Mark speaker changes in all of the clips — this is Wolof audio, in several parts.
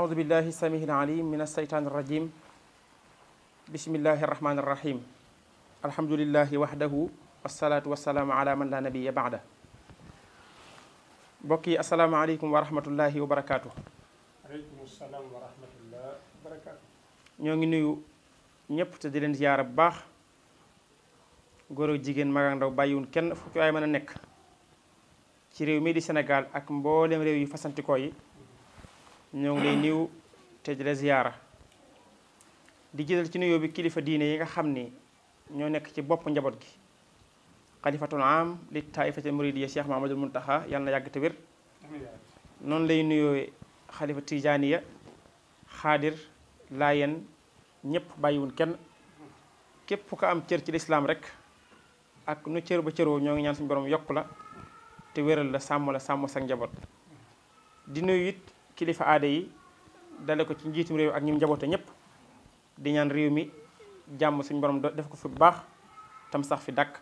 Speaker 1: أعوذ
Speaker 2: بالله السميع العليم من الشيطان الرجيم بسم الله الرحمن الرحيم الحمد لله وحده والصلاة والسلام على من لا نبي بعده بكي السلام عليكم ورحمة الله وبركاته
Speaker 3: عليكم السلام ورحمة الله وبركاته
Speaker 2: ñoo نيو nuyu ñëpp زيارة باخ غورو جيجن bu baax بايون ak jigéen mag ak ndaw bàyyiwun kenn fu ci waay mën a nekk ci réew ñoo ngi lay niw te di la di jël ci nuyo bi kilifa diine yi nga xam ni ñoo nekk ci bop njabot gi khalifatul am li taaifatil muridiya cheikh mahamadul muntaxa yàlla na yàgg te wér non lay nuyoo xalifa tijaaniya xaadir laayen ñëpp bàyyiwun kenn képp ku am cër ci l'islam rek ak nu cër ba cëro ñoo ngi ñaan suñu borom yokku la te wéral la sammu la sammu sax njabot di nuyu kilifa aada yi dale ko ci njiitum réew ak ñi njaboote ñëpp di ñaan réew mi jàmm suñ borom def ko fi bu baax tam sax fi dàkk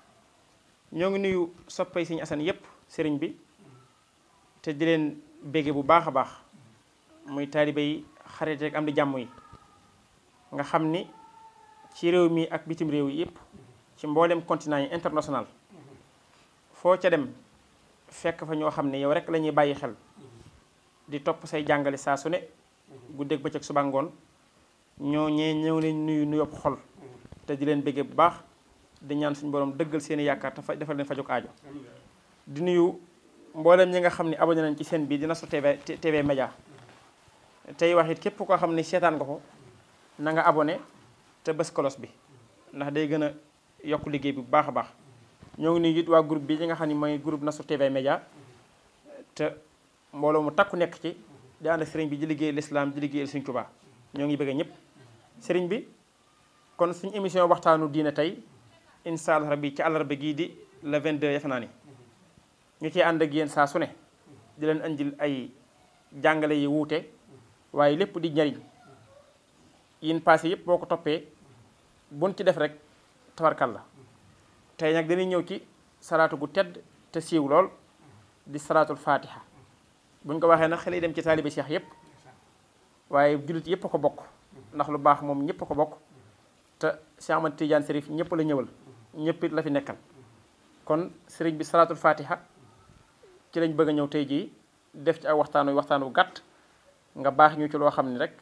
Speaker 2: ñoo ngi nuyu soppay Sëriñ Asan yëpp sëriñ bi te di leen bége bu baax a baax muy taalibe yi xarit rek am di jàmm yi nga xam ni ci réew mi ak bitim réew yi yëpp ci mboolem continent yi international foo ca dem fekk fa ñoo xam ne yow rek lañuy bàyyi xel di top say jangale sa su ne ak bëccëg suba ngon ñoo ñe ñew ne nuyu nuyoob xol te di len bege bu baax di ñaan suñu borom deggal seen yaakaar ta defal len fajuk aajo di nuyu mbolam ñi nga xamni abonné nañ ci seen bi dina su TV TV media tay waxit kep ko xamni setan nga ko na nga abonné te bes kolos bi ndax day gëna yok liggey bi bu baax baax ñoo ngi nuyu it groupe bi nga xamni moy groupe nasu TV media te mbolo mu takku nek ci di and serigne bi di liggéey l'islam di liggéeyal serigne touba ñoo ngi bëgg ñëpp serigne bi kon suñu émission waxtaanu diina tay inshallah rabbi ci àllarba gi di le 22 yafe ni ñu ci and ak yeen saa suné di leen andil ay jàngale yi wuté waye lepp di njariñ yin passé yëpp boko ko buñ ci def rek tabarkal la tey dañuy ñëw ci salatu gu tedd te siiw lool di salaatul fatiha buñ ko waxee na xel yi dem ci taalibe Cheikh yëpp waaye jullit yëpp a ko bokk ndax lu baax moom ñëpp a ko bokk te Cheikh Ahmad Tidiane Serif ñëpp la ñëwal ñëpp la fi nekkal kon sëriñ bi salaatul fatiha ci lañ bëgg a ñëw tey jii def ci ay waxtaanu wu gàtt nga baax ñu ci loo xam ne rek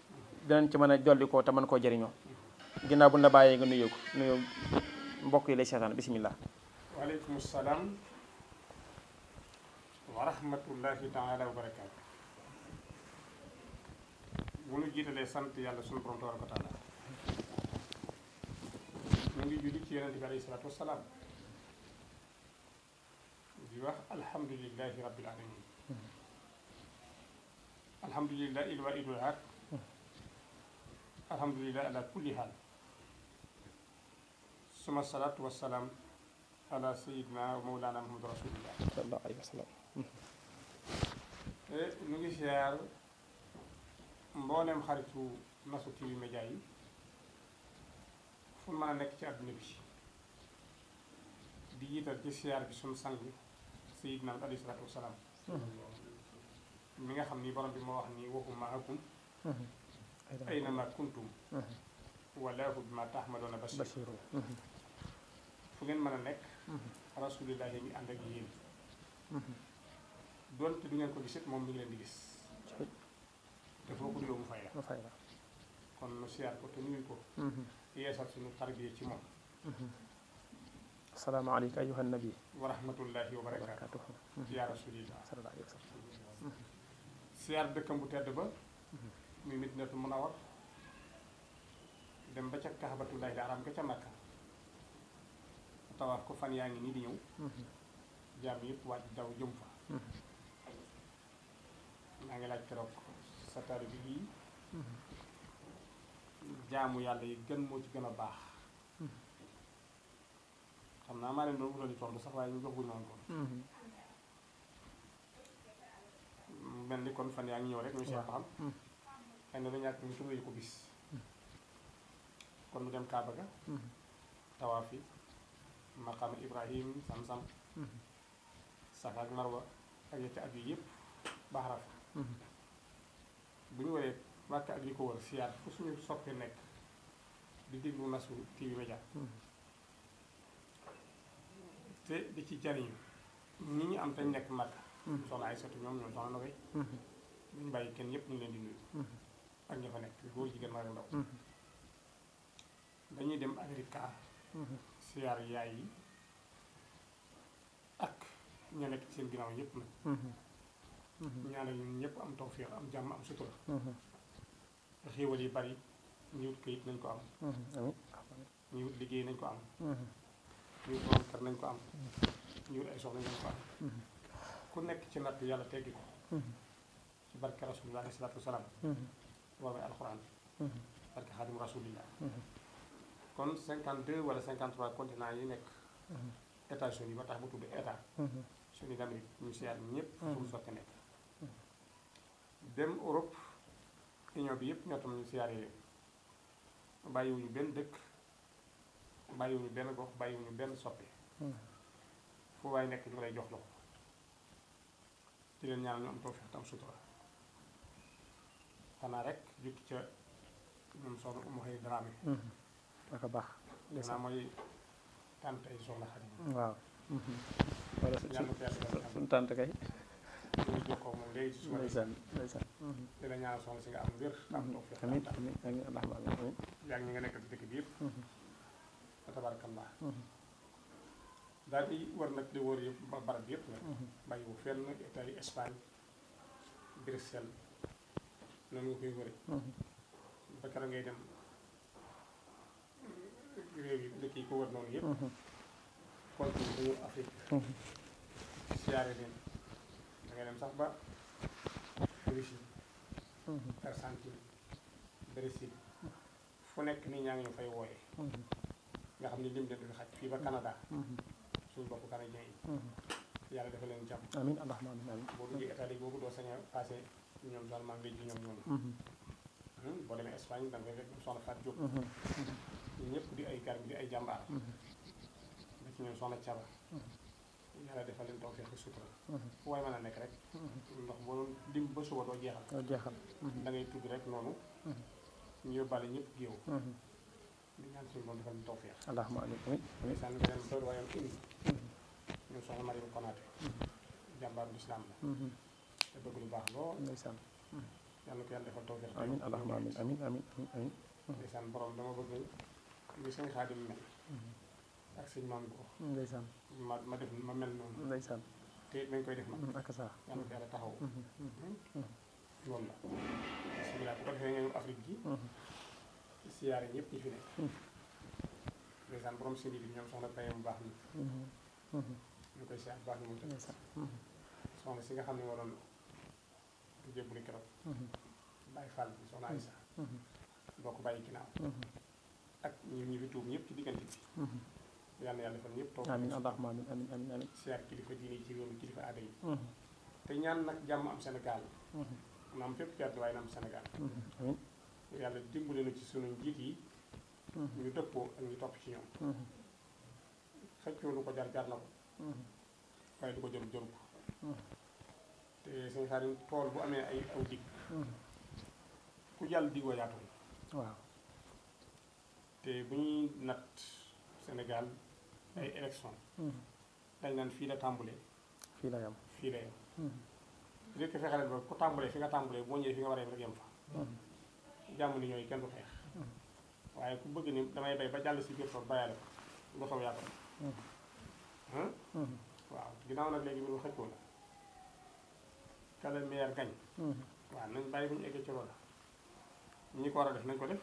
Speaker 2: dinañ ci mën a jollikoo te mën koo jëriñoo ginnaaw bu ñu bàyyee nga nuyoo ko nuyoo mbokk yi lay seetaan bisimilah.
Speaker 3: waaleykum salaam. ورحمة الله تعالى وبركاته bu nu jiitalee sant yàlla sunu borom tabaraka wa taala ñu ngi julli ci yonente bi alayhi salaatu wasalaam di wax alhamdulilahi rabbil alamin alhamdulilah il wa idul aat alhamdulilah ala kulli haal suma salaatu wasalaam ala sayidna wa mawlana muhammad rasulillah
Speaker 2: sallallahu alayhi wa sallam
Speaker 3: ñu ngi siyaar mbooleem xaritu Nasrou TV média yi fu mën a nekk ci àdduna bi di yiital ci siyaar bi suñu sang Seydina Muhammad alayhi salaatu wasalaam mi nga xam ni borom bi moo wax ni wa huwa ma'akum
Speaker 1: aynama kuntum
Speaker 3: wallahu bima ta'maluna basir fu ngeen mën a nekk rasulillahi mi ànd ak yéen donte du ngeen ko gisit moom mi ngi leen di gis dafoo ko duyoo mu fay la kon siyaar ko te nuyu ko mm-hmm. yeesal suñu tarbiya ci moom
Speaker 1: mm-hmm.
Speaker 2: assalaamu aleyka ayuha
Speaker 3: wa rahmatullahi wa barakaatu mm-hmm. yaa rasulillah sallallahu alayhi wa sallam siyaar dëkkam bu tedd ba muy a Munawwara dem ba ca Kaabatullahi la araam ga ca Makka tawaaf ko fan yaa ngi nii di ñëw jaam yëpp waaj daw jëm fa Angela ngi laaj keroog sa taari bi bii mhm. jaamu yàlla yi gën moo ci gën baax mhm. xam naa maa leen doon wutal di tontu sax waaye ñu jox wuñ ko mhm. mel ni kon fan yaa ngi ñëw rek ñu xam na ñu ko bis kon mu dem Kaaba ga Ibrahim sam-sam Safa ak Marwa ak bu ñu waree Mbàkke ak li ko wër siyaar fu suñu soppe nekk di déglu nasu TV Média mm-hmm. te di ci jariñu ñi ñu am tañ nekk Mbàkke mm-hmm. soxna ay sotti ñoom ñoom soxna na koy mm-hmm. duñ bàyyi kenn yépp ñu leen di nuyu ak ña fa nekk góor jigéen mag ak ndaw dañuy dem Agrika siyaar yaay yi ak ñu nekk ci seen ginnaaw yépp
Speaker 1: nag Mm-hmm.
Speaker 3: ñaanal ñun ñëpp am tawféex am jàmm am sutura. Mm-hmm. te xéewal yi bari ñu wut këyit nañ ko am. Mm-hmm. ñu wut liggéey nañ ko am. ñu wut borom kër nañ ko am. ñu wut ay soxla nañ ko am. ku nekk ci natt yàlla teggi ko. ci barke rasulillah alayhi salaatu wasalaam. borom alxuraan. barke xaadim rasulillah. kon cinquante deux wala cinquante trois continent yi nekk. états-unis ba tax bu tudd état. suñu d' ñu seet ñëpp. fu sotti nekk. dem Europe union bi yëpp ñoo tam ñu siyaare leen bàyyiwuñu benn dëkk bàyyiwuñu benn gox bàyyiwuñu benn soppe hmm. fu waaye nekk ñu lay jox loxo ci leen ñaanal ñu am tawfeex tam sutura xanaa rek jukki ca ñoom soxna Umu Xëy Dramé
Speaker 2: hmm. ak baax naa
Speaker 3: mooy tànt ay soxna xarit
Speaker 1: waaw wala hmm. tànt kay ñu jokkoo moom léegi ci suba ndeysaan ndeysaan
Speaker 3: di la ñaanal soxna si nga am wér am toog fi amiin amiin amiin yaa ngi nga nekk dëkk bi yëpp mhm. fa tabarakallah mhm. daal di war nag di wër yëpp ba mhm. keroog ngay dem mm, réew dëkk yi ko wër noonu yëpp continent bu Afrique siyaare leen nga dem sax ba Russie Argentine Brésil fu nekk nii ñaa ngi ñu fay wooyee nga xam ne lim de du xaj fii ba Canada suñu bokk canadien yi yàlla dafa leen jàmm amiin allahumma amiin amiin boo duggee Italie boobu doo sañ a passé ñoom daal maa ngi ji ñoom ñoom hmm, boo demee Espagne da nga fekk soxna Fatou Diop ñëpp di ay garab di ay jàmbaar ba soxna Thiaba yàlla defal leen tawfeex ak sutura mhm. waaye mën a nekk rek mhm. ndax boo doon dim ba suba doo jeexal doo jeexal mhm. da ngay tudd rek noonu ñu yóbbaale ñëpp géew di ñaan suñu borom defal leen tawfeex allahumma amin amin sànni beneen bër waayam indi ñoom soxna Mariam Konaté jàmbaaru lislaam la te bëgg lu baax lool ndeysaan yàlla ko yàlla defal tawfeex amin allahumma amin
Speaker 1: amin amin amin
Speaker 3: ndeysaan borom dama bëgg li sëñ Xaadim mel ak sëñ maam Gow. ndeysaan ma ma def ma mel noonu. ndeysaan te it nañ koy def nag. Mm-hmm, ak saa yàlla na yàlla taxaw.
Speaker 1: Mm-hmm, mm-hmm. hmm?
Speaker 3: loolu la. bisimilah bu ko defee ngeen Afrique gi. siyaare ñëpp ñi fi nekk. ndeysaan borom sëñ bi ñoom soxna Baye mu baax mi. ñu koy siyaare baax mi mu tëdd. soxna si nga xam ne waroon na jébbalu keroog. Baye Fall bi soxna Aïssa. boo ko bàyyi ginnaaw. ak ñun ñu fi tuub ñëpp ci diggante bi. yàlla yàlla fan ñëpp toog amiin allahumma amiin amiin amiin amiin siyaar kilifa diine yi ci réew mi kilifa aada yi te ñaan nag jàmm am Sénégal na am fépp ci àdduna waaye na am Sénégal amiin yàlla dimbali na ci sunu njiit yi ñu dëppoo ak ñu topp ci ñoom xëccoo lu ko jar jar na ko waaye du ko jëm jëm ko te sëñ xaarim tool bu amee ay aw dig ku jàll digoo yaatu waaw te bu ñuy natt ay élection mm-hmm. dañ naan fii la tàmbalee. fii la yam fii la yem. léegi fexe leen ba ku tàmbalee fi nga tàmbalee boo ñëwee fi nga war a yem rek yem fa. Mm-hmm. jàmm ni ñooy kenn du xeex. Mm-hmm. waaye ku bëgg ni damay bay ba jàll si biir tool bayaale ko lu xaw yaa ko. waaw ginnaaw nag léegi mbirum xëccoo la. kala meer gañ. waaw nañ bàyyi bu ñu eggee ci loolu ñi ko war a def nañ ko def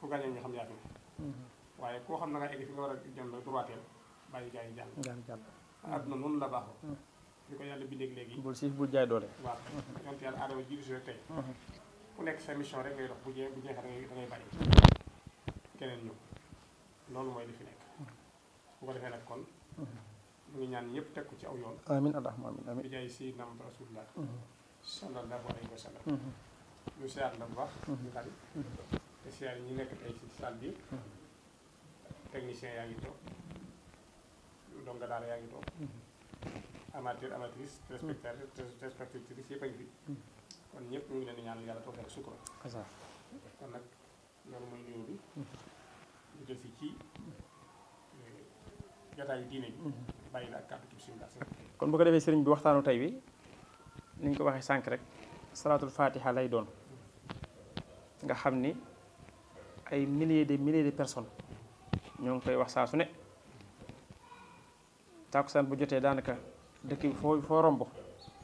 Speaker 3: ku gañee ñu xam yaa fi waaye koo xam ne nga egg fi nga war a jëm la droiteel bàyyi gaa yi jàll jàll jàll àdduna noonu la baaxoo mm. li ko yàlla bindee léegi bul siif bul jaay doole waaw mm-hmm. yonte yàlla aadama jiitu si rek tey mm-hmm. ku nekk sa mission rek ngay dox bu jeex bu jeexee da ngay da ngay bàyyi keneen ñëw loolu mooy li fi nekk mm-hmm. bu ko defee nag kon mu ngi ñaan ñëpp teg ko ci aw yoon amin allahumma amin amin bi jaay sayyidina Muhammad rasulullah sallallahu alayhi wa sallam ñu siyaar la bu baax ñu tari te siyaar yi ñu nekk tey ci salle bi technicien yaa ngi toog donc daara yaa ngi toog mm-hmm. amateur amatrice téléspectateur téléspectatrice mm-hmm. yëpp a ngi fi mm-hmm. kon ñëpp ñu ngi leen di yàlla toog ak sukkura kon nag loolu jël si ci eh, jataayu diine bi
Speaker 2: kon bu ko defee sëriñ bi waxtaanu tey wi ni ñu ko waxee sànq rek salaatul fatiha lay doon nga xam ni ay milliers de milliers de personnes ñoo ngi koy wax saa su ne tàkkusaan bu jotee daanaka dëkk bi foo foo romb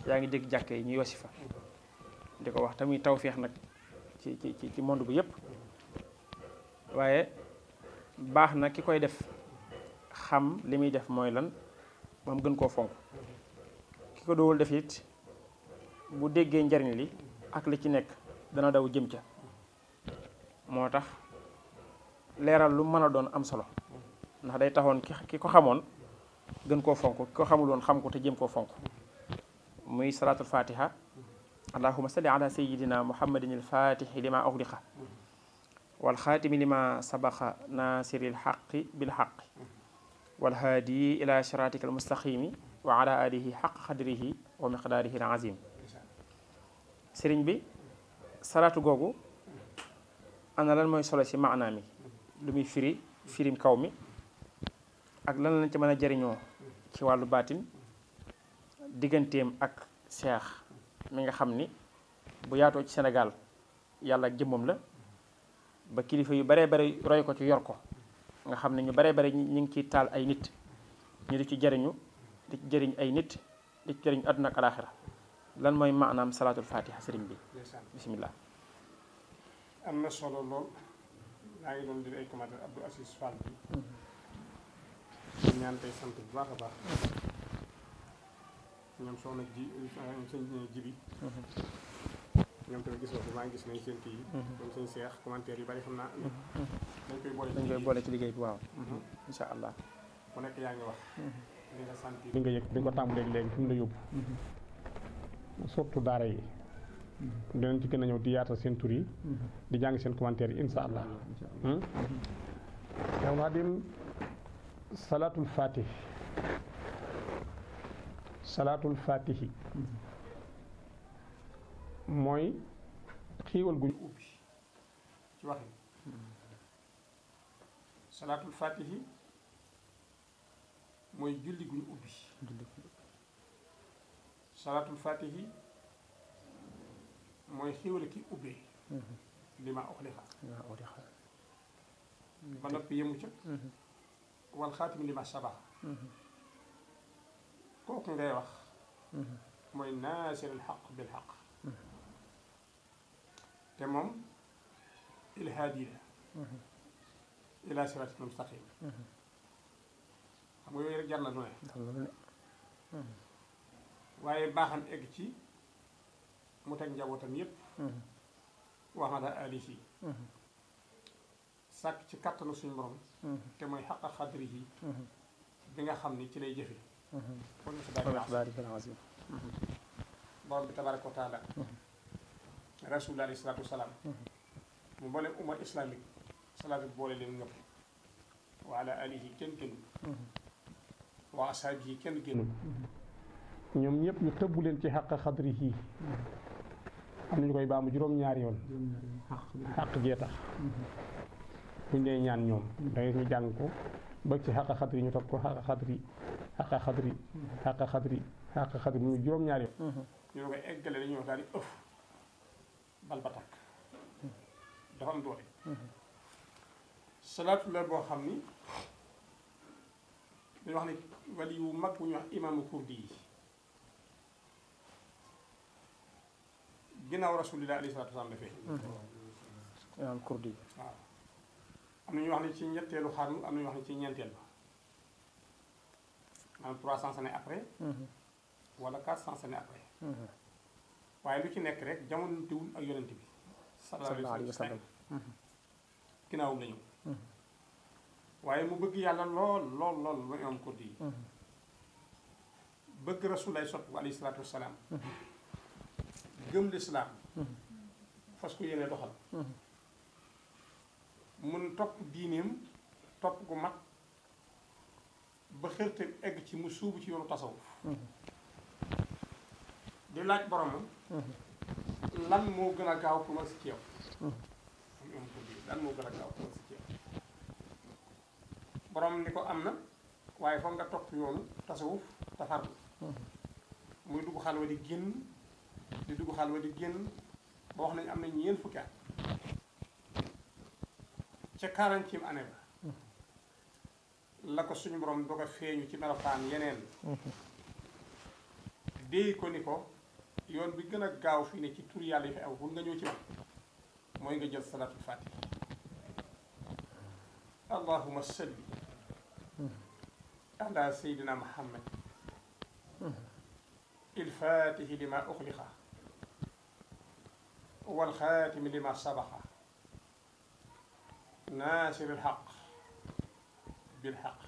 Speaker 2: yaa ngi dégg jàkke yi ñuy wasifa di ko wax tamit feex nag ci ci ci monde bu yëpp waaye baax na ki koy def xam li muy def mooy lan moom gën koo fonk ki ko doowul defit bu déggee njariñ li ak li ci nekk dana daw jëm ca moo tax leeral lu mën a doon am solo ndax day taxoon ki ko xamoon gën koo fonk ki ko xamul woon xam ko te jëm koo fonk muy salaatul fatiha allahuma salli ala sayidina muhammadin alfatixi lima uxliqa walxaatimi lima sabaqa nasiri lxaqi bilxaqi walhaadi ila siratika almustaqimi wa ala alihi xaq xadrihi wa miqdaarihi alazim sëriñ bi salaatu googu ana lan mooy solo si maanaa mi lu muy firi firim kaw mi ak lan lañ ci mën a jariñoo ci wàllu baatin digganteem ak seex mi nga xam ni bu yaatoo ci Sénégal yàlla ak jëmmam la ba kilifa yu baree bare roy ko ci yor ko nga xam ne ñu baree bare ñu ngi ciy taal ay nit ñu di ci jariñu di ci jëriñ ay nit di àdduna ak alaaxira lan mooy maanaam salaatul faatiha sëriñ bi bismillah
Speaker 3: maa ngi doon def ay commentaire Abdou Assis Fall bi ñu mm-hmm. ñaan tey sant bu baax a baax mm-hmm. ñoom soxna ji euh, sëñ ji bi mm-hmm. ñoom tamit gis nga ko maa ngi gis nañ seen kii yi ñoom sëñ seex commentaire yu bari xam naa dañ koy boole dañ koy boole ci liggéey bi waaw insha allah ku nekk yaa ngi wax li nga sant li nga yëg di ko tàmbalee léegi fi mu la yóbbu surtout daara yi danañ ci gëna ñëw di yaata seen tour yi di jàng seen commentaire yi insha allah yow salatul fatih salatul fatih hmm. mooy xiiwal guñu ubi ci waxi hmm. salatul fatih mooy julli guñu ubi salatul fatih mooy xiiwale ki ubbee li ma uxlixa
Speaker 2: lima uxlixa ba noppi
Speaker 3: yemu ca wal xaatim li ma sabax kooku ngay wax mooy naasir al xaq bil xaq te moom ilhaadi la ila siraatil mustaqim xam nga yooyu rek jar na lu ne waaye baaxam egg ci mu teg njabootam yépp waxala alihi sàkk ci kattanu suñu borom te mooy xaqa xadri yi bi nga xam ni ci lay jëfe kon misdaaqi borom bi tabaraka wa taala rasul alayhi salatu wasalaam mu boole umma islamique salaatu boole leen ngëpp wa ala alihi kenn génn wa ashaab yi kenn génn ñoom ñëpp ñu tëbb leen ci xaqa xadri yi am nañu koy baamu juróom-ñaari yoon. xaq jee tax. Mm-hmm. buñ dee ñaan ñoom. Mm-hmm. da ngay ñu jàng ko ba ci xaq xadri ñu toog ko xaq xadri xaq xadri mm-hmm. xaq juróom-ñaari yoon. ñu koy eggale dañuy daal di ëff bal ba takk dafa am doole. salaatu boo xam ni dañu wax ne wali mag bu ñuy wax imaamu kurdi yi. ginaaw rasulillah alayhi salatu wasallam la feeñ al kurdi am nañu wax ni ci ñettelu xaru am nañu wax ni ci ñentel ba am 300 ans années après wala 400 ans années après waye lu ci nek rek jamono wul ak yonent bi sallallahu alayhi wasallam sallam ginnaawum la ñëw mu bëgg yalla lool lool lool ba kurdi bëgg rasulillah sallallahu alayhi wasallam gëm lislaam fas ku yéene doxal mun topp diineem topp gu mag ba xërte egg ci mu suubu ci yoonu tasawuf di laaj boromam lan moo gën a gaaw pour ma si ci borom ni ko am na waaye foog nga topp yoonu tasawuf tafarlu muy dugg xalwa di génn di dugg xalwa di génn ba wax nañ am na ñeent fukki at ca quarantième année ba la ko suñu borom doog a feeñu ci melokaan yeneen déy ko ni ko yoon bi gën a gaaw fii ne ci tur yàlla yi fi aw bul nga ñëw ci man mooy nga jël salaatul fatiha allahuma salli ala sayyidina muhammad il fatihi lima uxliqa هو الخاتم لما سبق ناصر الحق بالحق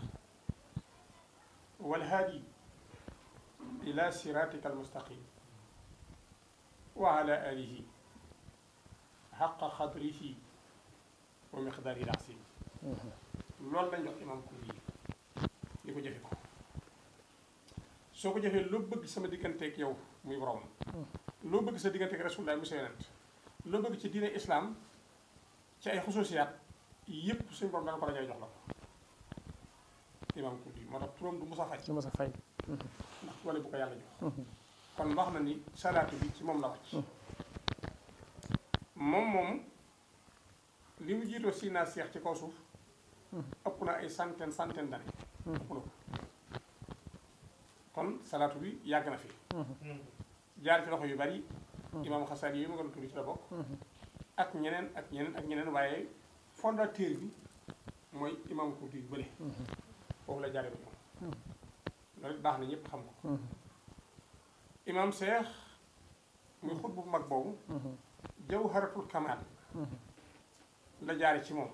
Speaker 3: والهادي إلى صراطك المستقيم وعلى آله حق قدره ومقدار العظيم لولا نجح إمام كلي يكو جفكو سوكو جفي لبك سمدي كنتك يو ميبرون لبك سمدي كنتك رسول الله مسيرانت loolu bëgg ci diine islam ci ay xusuusiyaat yëpp suñu borom danga ko rajo jox la ko imaam Kunti moo tax turam du Musa Fay Fay kon wax na ni salaatu bi ci moom la moom moom li mu jiitoo si seex ci kaw suuf ëpp na ay centaine centaine na ko kon salaatu bi yàgg na fi jaar ci loxo yu bari Mhm. imaam xasaar yi ma ko tudd ci la bokk ak ñeneen ak ñeneen ak ñeneen waaye fondateur bi mooy imaam Kurdi yu bële mhm. foofu la jaare ba ñoom mhm. loolu baax na ñëpp xam ko imaam Seex muy xut bu mag boobu jawharatul kamal la jaare ci moom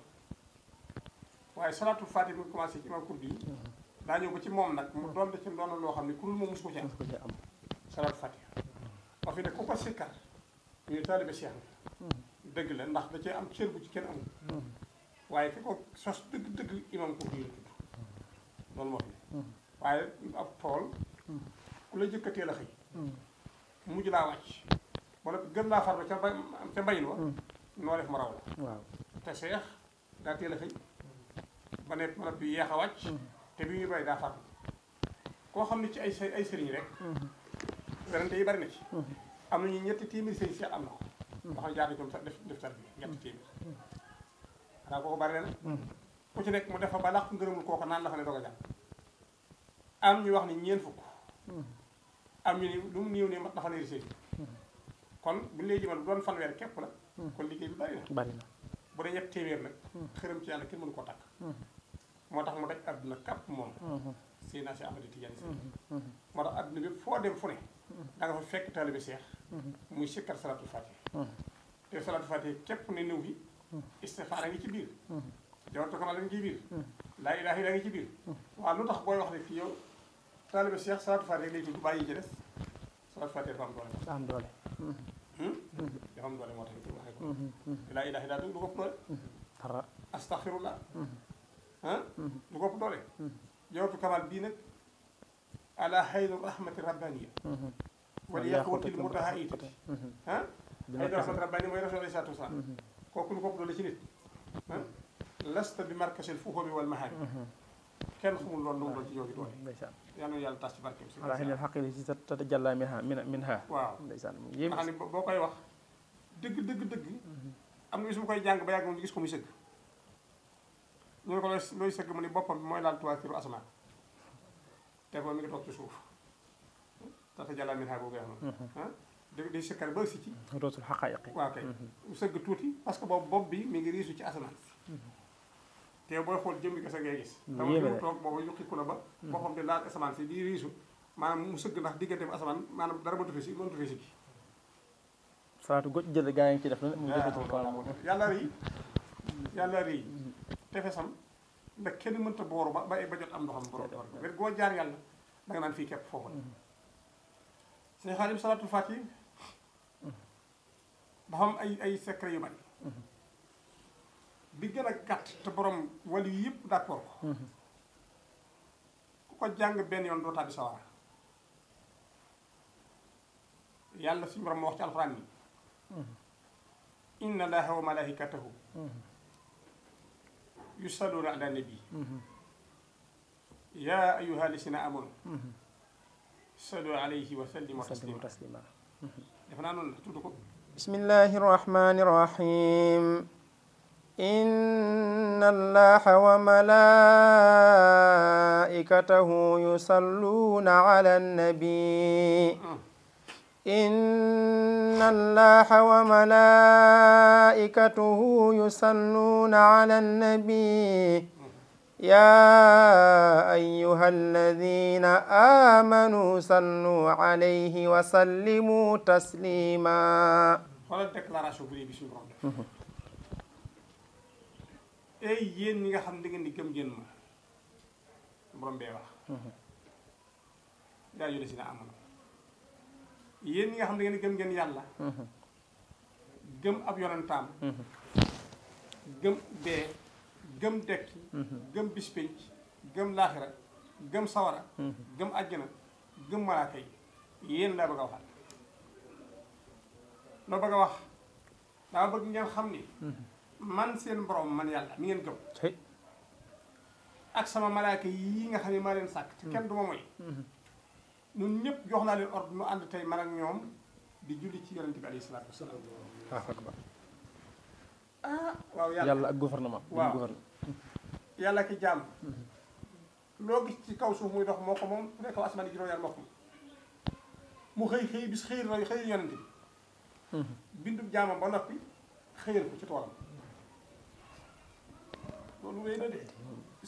Speaker 3: waaye salaatul faatih mu commencé ci imaam Kurdi yi daa ñëw ba ci moom nag mu doon da ci doon loo xam ne kurul moom mosu ko ci am salaatul faatih dafa fi ne ku ko sikkar ñu taalibe Cheikh la dëgg la ndax da cee am cër bu ci kenn amul waaye ki ko sos dëgg dëgg imam ko kii la tudd loolu la jëkkatee la xëy mujj ca bay ca mbayin wa noo def ma raw la waaw te seex daa teel a xëy ba bi yeex a wàcc te bi ñuy bay daa farba koo xam ne ci ay ay sëriñ rek werante yi bari na ci. Hmm. am na ñu ñetti téeméeri sëñ Cheikh am na ko. ndax hmm. jaar ñoom sax def def tar bi ñetti hmm. téeméer. xanaa kooku bari na ku ci nekk mu def fa ba làq ngërëmul kooku naan la fa ne doog a am ñu wax ni ñeen fukk. am ñu ni lu mu néew ne dafa ne risée kon bu ñu lay jëmal doon fanweer képp la kon liggéey bi bari na bu dee ñett téeméer nag xërëm ci yàlla kenn mënu ko takk moo tax mu de adduna kàpp moom sëy naa si Amady Tidiane si moo tax adduna bi foo dem fu ne da nga fa fekk taalibe seex muy sikkar salaatul faatiha te salaatul faatiha képp ne nëw fi istifaara ngi ci biir jawatu kamal ngi ci biir laa ilaaha illa ngi ci biir waaw lu tax booy wax ne fii yow taalibe seex salaatul faatiha lay tudd bàyyi ci des salaatul faatiha dafa am doole dafa am doole dafa am doole moo tax ñu waxee ko laa ilaaha illa du ko
Speaker 1: doole
Speaker 3: astaxfirullah ah du ko doole jawatu kamal bii nag ala xayri rahmati rabbaniya
Speaker 1: wala yàquwatil murtaha itati
Speaker 3: ah xayri rahmati rabbaniya mooy rasul alayhi salaatu wasalaam kooku lu ko doole ci nit ah lasta bi markasil fuhumi wal mahaabi kenn xamul loolu lu mu doon ci si koy wax dëgg dëgg dëgg am na bis mu jàng ba yàgg moom gis ko muy sëgg ñu ne ko looy sëgg mu ne boppam mooy laal tuwaatiru asamaan te boobu mi ngi toog ci suuf tata jàllal min xaar boobu nga xam ne di sikkar ba si ci
Speaker 1: roosul xaqaayiq waaw kay mm-hmm.
Speaker 3: sëgg tuuti parce que boobu bopp bi mi ngi riisu ci asamaan mm-hmm. te booy xool jëmbi kese ngay gis mm-hmm. dama mu toog boobu ba boppam di laal asamaan si di maanaam mu sëgg ndax diggante bi asamaan maanaam dara mëntu fi si mëntu fi si kii
Speaker 2: salaatu goj jël gaa ngi ci def lu ne mu jëfandikoo ah,
Speaker 3: yàlla rii yàlla rii tefesam ndax kenn mënta booru ba ba ba jot am ndoxam borom door wér go jaar yalla da nga nan fi kep fofu mm-hmm. sey khalim salatu fati mm-hmm. dafa xam ay ay secret yu bari mm-hmm. bi gëna kat te borom wali yu yëpp d' ko ku ko jang ben yon doo tàbbi sawara yalla suñu borom wax ci alxuraan ni inna lahu wa malaikatahu يسالون على النبي يا أيها الذين آمنوا صلوا عليه وسلموا تسليما
Speaker 2: بسم الله الرحمن الرحيم إن الله وملائكته يصلون على النبي آه. إن الله وملائكته يصلون على النبي يا أيها الذين آمنوا صلوا عليه وسلموا تسليما
Speaker 3: xoolal déclaration
Speaker 2: bu rëy bi suñu borom def
Speaker 3: ay yéen ñi nga xam ne da ngeen di gëm ngeen ma borom bee wax mhm. yaa yu de si na amoon yéen ñi nga xam ne ngeen gëm ngeen yàlla mhm. gëm ab yonentaam mhm. gëm dee gëm dekki mhm. gëm bispénc gëm laaxira gëm sawara gëm àjjana gëm malaaka yi laa bëgg a waxal loo bëgg a wax daa bëgg ngeen xam ni man seen borom man yàlla mi ngeen gëm ak sama malaaka yi nga xam ne maa leen sàkk te kenn du ma ñun ñëpp jox naa leen ordre nu ànd tey man ak ñoom di julli ci yonent bi alayhi salaatu wasalaam. ah waaw yàlla yàlla
Speaker 2: ak gouvernement. waaw
Speaker 3: yàlla ki jaam. loo gis ci kaw suuf muy dox moo ko moom su kaw asmaan yi juróom yàlla moo ko mu xëy xëy bis xëy na xëy yonent bi. bindub jaamam ba noppi xëyal ko ci toolam. loolu wéy na de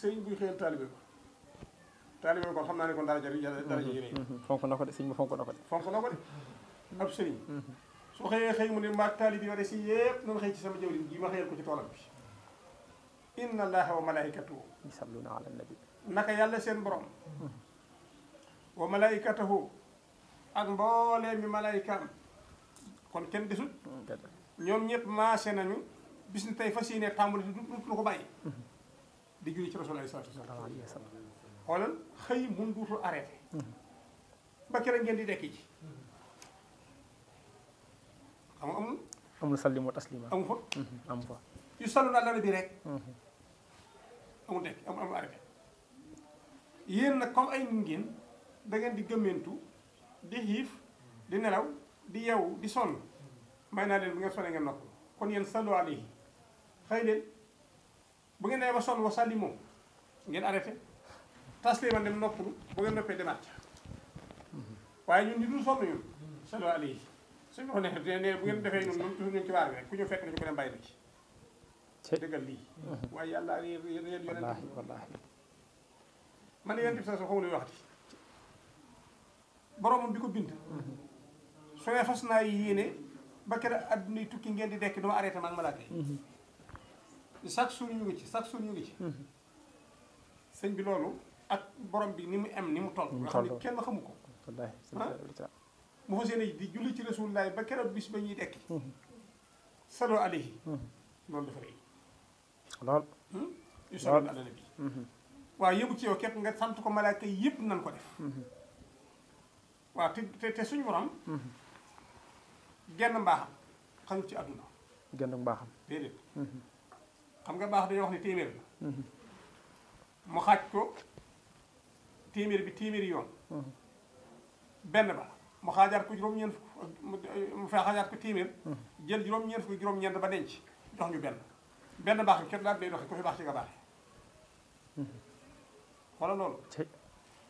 Speaker 3: sëriñ buy xëyal taalibe ko taalibe bi kon xam naa ne kon dara jëriñ dara mhm. jëriñ
Speaker 2: mhm. fonk na ko de sëñ bi fonk na ko de fonk
Speaker 3: na ko de ab soo mhm. xëyee xëy mu ne maag taalibe yi war si yëpp nan xëy ci sama jawriñ ji ma xëyal ko ci toolam bi inna allaha wa malaikatahu
Speaker 2: yusalluna ala nabi
Speaker 3: naka yàlla seen borom wa malaikatahu ak mboolee mi malaayikaam kon kenn desut ñoom ñëpp maase nañu bis ni tey fas yéene tàmbali du du ko bàyyi di xoolal xëy mun duutul arrêté ba keroog ngeen di dekki ci
Speaker 2: xam nga amul amul sallim wa taslima amu fa mhm, amu fa
Speaker 3: yu sallu naa lana bi rek mhm. amul dekki amul amul arrêté yéen nag comme ay nit ngeen da ngeen di gëmmentu di xiif di nelaw di yeewu di sonn may naa leen bu ngeen sonnee ngeen nopp kon yéen sallu alayhi xëy leen bu ngeen nee ba sonn wa sallimoo ngeen arrêté tas lee man dem noppalu bu ngeen noppee demaat waaye ñun ñu dul sonn ñun solo ali suñu ko neexee dina ne bu ngeen defee ñun ñun toujours ñu ku ñu fekk nañu ko dem bàyyi na ci dëggal lii waaye yàlla réer réer yonent man yonent bi sa sa xawlu waxti boromam bi ko bind su ne fas ba kër adduna yi tukki ngeen di dekk dama arrêté ma ak malaaka yi chaque jour ñu ngi ñu ngi ci sëñ bi loolu ak borom bi ni mu am ni mu toll. nga xam ne kenn xamu ko. Ah? mu fas yéene di julli ci rasulullah ba keroog bis ba ñuy dekki. Hmm. saloo alayhi. Hmm. loolu dafa rëy. lool. Hmm? lool ala nabi waaw ci yow képp nga sant ko malaaka yëpp nan ko def. waaw te te te suñu borom. genn mbaaxam xamul ci àdduna. genn mbaaxam déedéet. xam nga baax dañoo wax ne téeméer la. mu xaaj ko. téeméer bi téeméeri yoon. benn ba mu xaajaat ko juróom-ñeent mu fa xaajaat ko téeméer. jël juróom-ñeent fukk juróom-ñeent ba denc jox ñu benn benn baax bi kenn daal day doxee ku fi baax ci nga baaxee. wala loolu.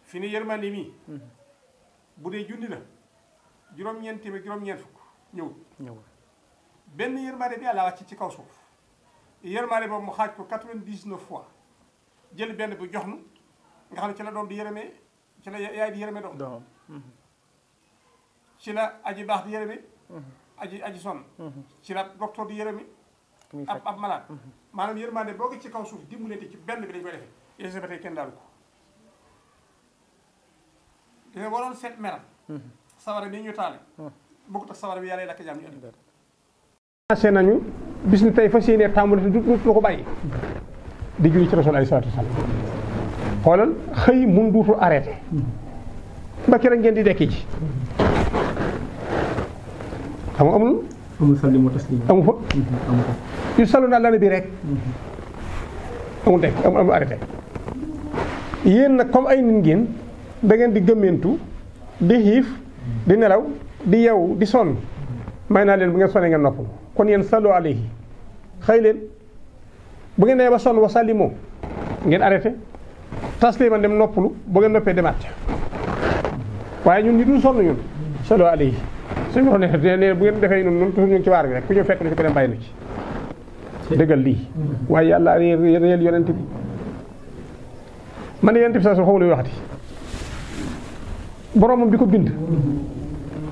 Speaker 3: fi ne yërmande mii. bu dee junni la juróom-ñeent téeméer juróom-ñeent fukk ñëwul. ñëwul benn yërmande bi yàlla wàcc ci kaw suuf yërmande boobu mu xaaj ko 99 vingt dix neuf fois jël benn bi jox nu nga xam ci la doom di yërëmee ci la yaay di yërëmee doom ci la aji baax di yërëmee mm-hmm. aji aji sonn mm-hmm. ci la docteur di yërëmee ab ab malade mm-hmm. maanaam yërmande boo ko ci kaw suuf dimbalante ci benn bi dañ koy defee Yeesu ba tey kenn daalu ko dina waroon seet meram ñu taale bokkut bi yàlla lakk jaam nañu bis ni tey fas yéenee tàmbali te du du ko bàyyi di julli ci rasul alayhi salaatu wa xoolal xëy mun duutul arrêté ba keroog ngeen di dekki ji xam nga amul. amul salli mu taslima amu fa. Mhm, amu fa yu bi rek. Mhm. amul dekk amul amul arrêté. yéen nag comme ay nit ngeen dangeen di gëmmentu di xiif di nelaw di yow di sonn may naa leen bu ngeen sonnee ngeen nopp kon yéen sallu alayhi xëy leen bu ngeen nee ba sonn wa sallimoo ngeen arrêté. tas man dem noppalu bo ngeen noppé demat waye ñun nit ñu sonn ñun solo alayhi suñu ko nee bu ngeen defé ñun ñun ñu ci war rek ku ñu fekk ñu ci dem bàyyi ci dëggal li waye yalla reel yonent bi man yonent bi sax xawlu waxati boromum bi ko bind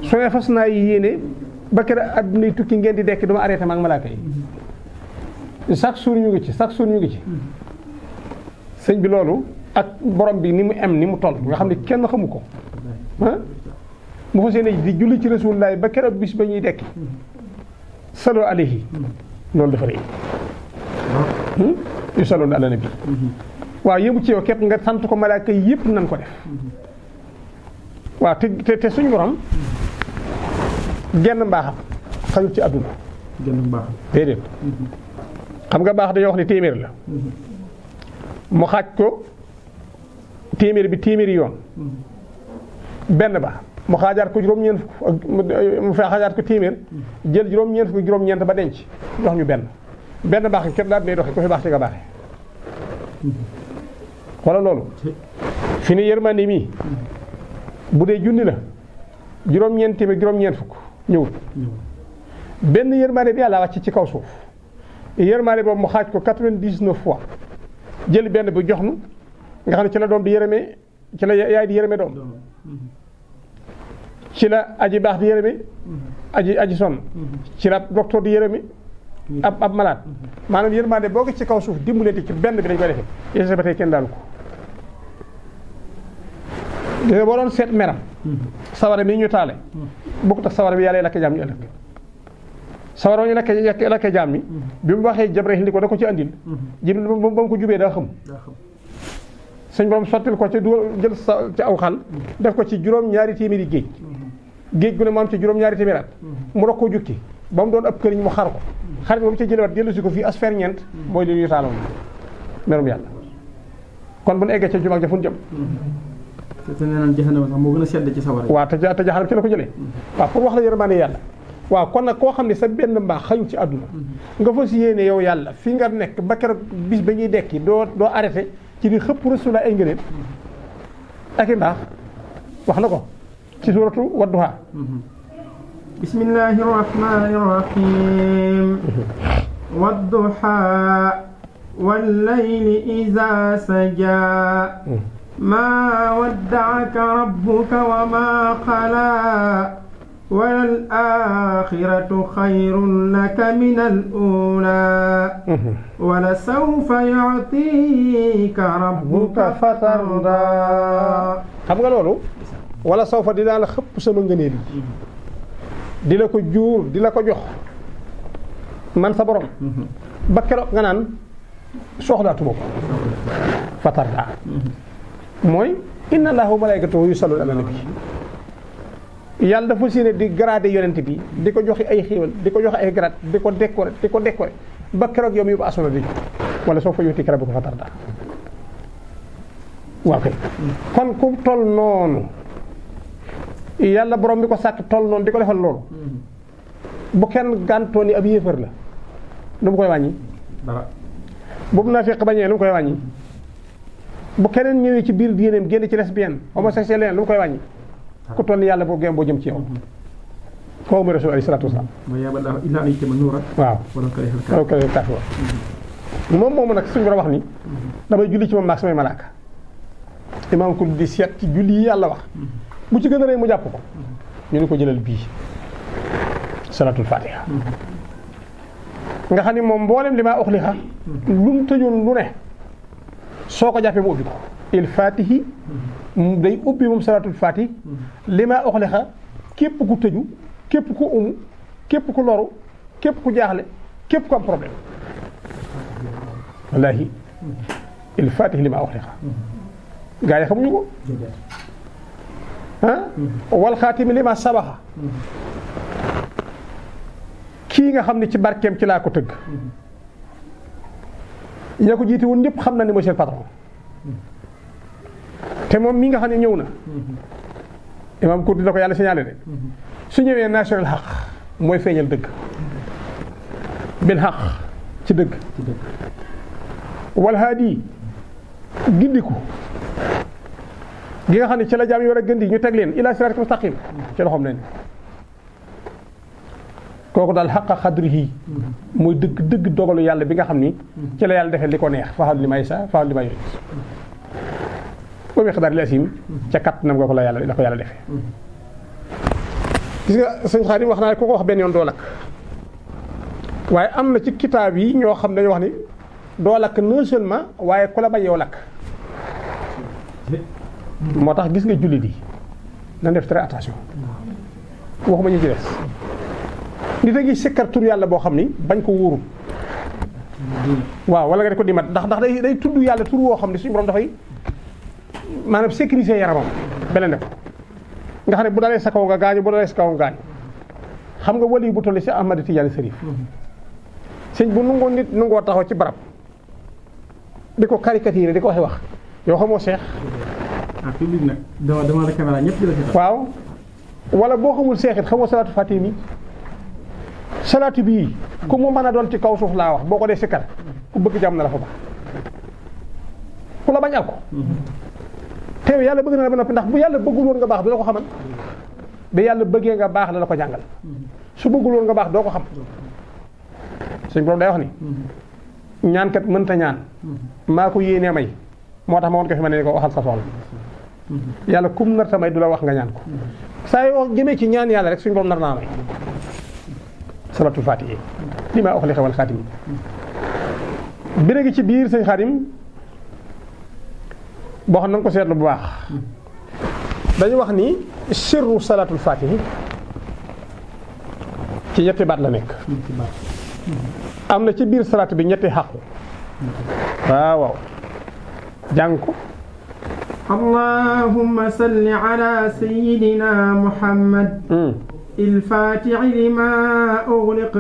Speaker 3: so ne fas naa yene bakkar aduna adduna tukki ngeen di dekk duma arrêté mak malaka yi sax suñu ngi ci sax suñu ngi ci señ bi lolou ak borom bi ni mu am ni mu toll nga xam ne kenn xamu ko ah mu fas yéene di julli ci rasulullah ba keroog bis ba ñuy dekki salo alayhi loolu dafa rëy yu saloon ala nabi waaw yëmu ci yow képp nga sant ko malaaka yi yëpp nan ko def waaw te te te borom genn mbaaxam xajul ci àdduna genn mbaaxam xam nga baax dañoo wax ne téeméer la mu xaaj ko téeméer bi téeméeri yoon benn ba mu xaajaat ko juróom-ñeent fukk mu fa xaajaat ko téeméer jël juróom-ñeent fukk juróom-ñeent ba denc jox ñu benn benn baax kenn daal lay doxee ku fi baax ci nga baaxee wala loolu fi ni yërmande mii bu dee junni la juróom-ñeent téeméer juróom-ñeent fukk ñëwut benn yërmande bi yàlla wàcc ci kaw suuf yërmande boobu mu xaaj ko 99 fois jël benn bi jox nu nga xam ne ci la doom di yërëmee ci la yaay di yërëmee doom mm-hmm. ci la aji baax di yërëmee mm-hmm. aji aji sonn mm-hmm. ci la docteur di yërëmee ab ab malade maanaam yërmande boo ko ci kaw suuf dimbalante ci benn bi dañ koy defee yéen ba kenn daanu ko boo doon seet meram sawara mii ñu taale bokk tax sawara bi yàlla lakk jaam ñu ëllëg sawara ñu lakk lakk jaam ñi bi mu waxee Jibril ni ko da ko ci andil Jibril ba mu ko jubee daa xam suñ borom sottil ko ci dugal jël sa ci aw xal def ko ci juróom-ñaari téeméeri géej géej gu ne maam ci juróom-ñaari téeméeri at mu rog ko jukki ba mu doon ab këriñ mu xar ko xarit ba mu ci jëlewaat dellu si ko fii as mooy li ñuy taaloon merum yàlla kon bu nu eggee ja jëm te nee naan jaxanama sax moo gën a sedd ci sawar waaw te te jaxanam ci la ko jëlee waaw pour wax la yërmaande yàlla waaw kon nag koo xam ne sa benn mbaax xañ ci àdduna mm-hmm. nga fas yéene yow yàlla fi nga nekk ba keroog bis ba ñuy dekki doo doo arrêté ci ni xep rasul ay ngeneen ak ndax wax la ko
Speaker 2: بسم الله الرحمن الرحيم والضحى والليل إذا سجى ما ودعك ربك وما خلا والآخرة خير لك من الأولى ولسوف يعطيك ربك
Speaker 3: فترضى خم لولو ولا سوف دينا لخب دي دينا كو جور دينا كو جوخ من صبر بكرو غنان شوخ داتو فترضى موي إن الله ملائكته يصلون على النبي yàlla dafa fas di gradé yonent bi di ko joxe ay xéewal di ko joxe ay grade di ko décoré di ko décoré ba keroog yow mi yóbbu asona di wala soo fa yuti keroog bu ko fa tarda waaw kay kon ku toll noonu yàlla borom bi ko sàkk toll noonu di ko defal loolu bu kenn gàntoon ni ab yéefar la nu mu koy wàññi boobu naa fekk bañee nu mu koy wàññi bu keneen ñëwee ci biir diineem génn ci lesbienne homosexuel lu mu koy wàññi ku toll yàlla boo gëm boo jëm ci yow. koo mhm. mu rasul alayhi salaatu wasalaam. waaw. wala kër mhm. moom moom nag suñu war a wax ni. Mhm. damay julli ci moom maag samay malaaka. imaam di seet ci julli yi yàlla wax. bu ci gën a rëy mu jàpp ko. ñu ni ko jëlal bii. salaatul fatiha. nga xam ni moom mboolem li maa uxlixa. lu mu tëjoon lu ne. soo ko jàppee mu ubbi ko. الفاتحي داي اوبي موم صلاه الفاتحي لما اخلخا كيب كو تجو كيب كو اوم كيب كو لورو كيب كو جاخلي كيب كو ام بروبليم والله الفاتحي لما اخلخا غاي خم نيو ها والخاتم لما سبح كيغا خم ني سي باركيم سي لا كو تگ ياكو جيتي وون نيب خم ني مو سي باترون te moom mi nga xam ne ñëw na mm-hmm. imaam Kurdi da ko yàlla signalé de mm-hmm. su ñëwee naasiril xaq mooy feeñal dëgg bil xaq ci dëgg wal haadi gindiku gi nga xam ne ci la jaam yi war a gëndi ñu teg leen ila siraat mustaqim mm-hmm. ci loxoom leen kooku daal xaqa xadrihi mooy dëgg dëgg dogalu yàlla bi nga xam ni ci la yàlla defee li ko neex faxal li may sa faxal li may foofu xadaar li asim ca kattanam nga ko la yàlla la ko yàlla defee gis nga wax naa ne ko wax benn yoon doo lakk waaye am na ci kitaab yi ñoo xam dañu wax ni doo lakk non seulement waaye ku la bay yow lakk moo tax gis nga jullit yi na def très attention waxuma ñu ci des nit a ngi sikkar tur yàlla boo xam ni bañ ko wóoru waaw wala nga di ko dimat ndax ndax day day tudd yàlla tur woo xam ne suñu borom dafay maanaam sécuriser yaramam beneen def nga xam ne bu dalee sa kaw nga gaañu bu dalee sa kaw nga gaañu xam nga wali bu toll si Ahmad Tidiane Serif sëñ bu nungoo nit nungoo taxaw ci barab di ko caricature di ko waxi wax yow xamoo seex ah public
Speaker 2: nag dama dama la
Speaker 1: waaw
Speaker 3: wala boo xamul seexit xamoo salaatu fàttee mi salaatu bii ku mu mën a doon ci kaw suuf laa wax boo ko dee sikkar ku bëgg jàmm na la fa baax ku la bañ al xew yalla bëgg na la ba ndax bu yalla bëggul won nga bax du ko xamal be yalla bëggee nga bax la la ko jangal su bëggul won nga bax do ko xam suñ borom day wax ni ñaan kat mën ta ñaan maa ko yéenee may motax ma won ko fi mané ko waxal sa xol yalla kum nar ta may du wax nga ñaan ko say wax jëmee ci ñaan yalla rek suñu borom nar naa may salatu fatihi lima ma wax li xewal xaatim bi gi ci biir sëñ xaatim boo xam na nga ko seetlu bu baax dañu wax ni sirru salaatul faatihi ci ñetti baat la nekk am na ci biir salaat
Speaker 2: bi ñetti xàqu waaw waaw jàng ko اللهم صل على سيدنا محمد م. الفاتح لما أغلق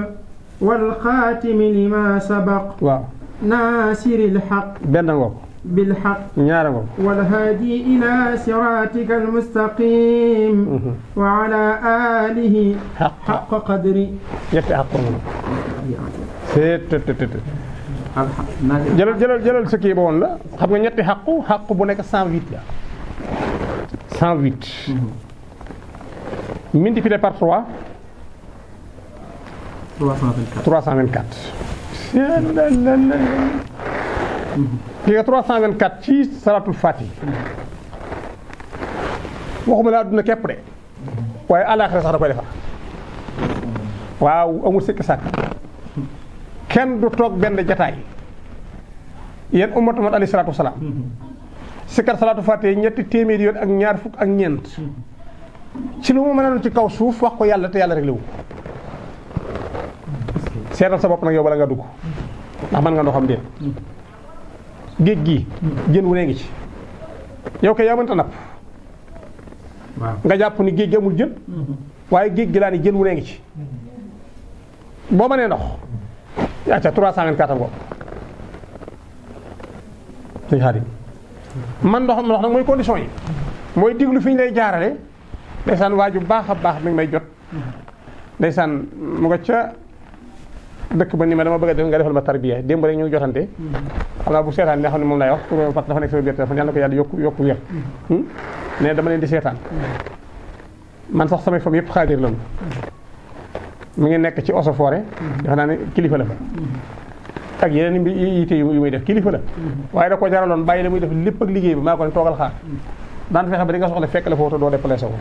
Speaker 2: والخاتم لما سبق واو. ناصر الحق بينا بالحق نعم والهادي إلى صراطك المستقيم وعلى آله حق, حق قدري يكفي حق
Speaker 3: jëlal jëlal jëlal sa kii ba woon la xam nga ñetti xàqu xàqu bu nekk 108 la 108 multiplié par 3 324 324 ki nga 324 ci salatul fati waxuma la adduna képp de waaye àllaaxira sax da koy defar waaw amul sikki sàkk kenn du toog benn jataay yéen ummatu man alayhi salaatu wasalaam sikkar salaatu fàtte ñetti téeméeri yoon ak ñaar fukk ak ñeent ci lu mu mënoon ci kaw suuf wax ko yàlla te yàlla rek la wu sa bopp nag yow bala nga dugg ndax mën nga ndoxam déet geej gi jeen wu nee ngi ci yow kay yaa mënta napp nga japp ni geej gi amul jën mm-hmm. waaye géej gi la ni jeen wu nee ngi ci mm-hmm. bo mënee ndox ya ca 324 go suñ xaari man ndox ndox nak moy condition yi moy mm-hmm. diglu fiñ lay jaarale ndaysan waju baax baax mi may jot ndaysan mu nga ca dëkk ba ni ma dama bëgg def nga defal ma tarbiya démb rek ñu joxante xanaa bu seetaan ne xamni ne lay wax pour fa dafa nek sama biir téléphone yàlla na ko yàlla yokku yokku wér hmm? ne dama leen di seetaan man sax sama fam yëpp xadir lañu mi ngi nekk ci oso foré dafa na ne kilifa la
Speaker 1: fa
Speaker 3: ak yeneen bi yité yu muy def kilifa la waaye da ko jaraloon bayyi la muy def lepp ak liggéey bi ma ko togal xaar daan fexé ba di nga soxla fekk la foofu doo déplacé wu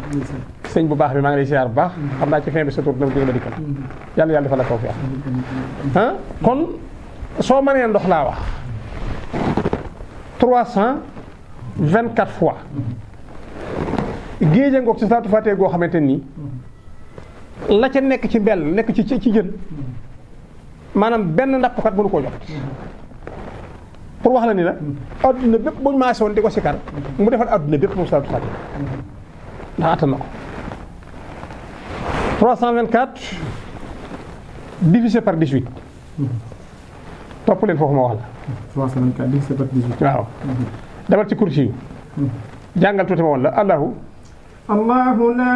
Speaker 3: sëñ bu baax bi maa ngi lay ziar bu baax mm-hmm. xam naa ci fin bi sa tur dama dina ma dikkal mm-hmm. yàlla yàlla dafa la tawfeex
Speaker 1: mm-hmm.
Speaker 3: ah kon soo mënee ndox laa wax trois cent vingt quatre fois géeja ngoog ci salaatu fàttee goo xamante nii la ca nekk ci mbell nekk ci ci jën maanaam benn nappkat mënu koo jot pour wax la ni la adduna bépp buñu maasee woon di ko sikar mu defal adduna bépp moom salaatu fàttee ndax attan na ko 324 divisé par 18 top len fofu ma wax la 324 divisé par 18 waaw dabar ci kursi jangal tuti ma won la allah
Speaker 2: الله لا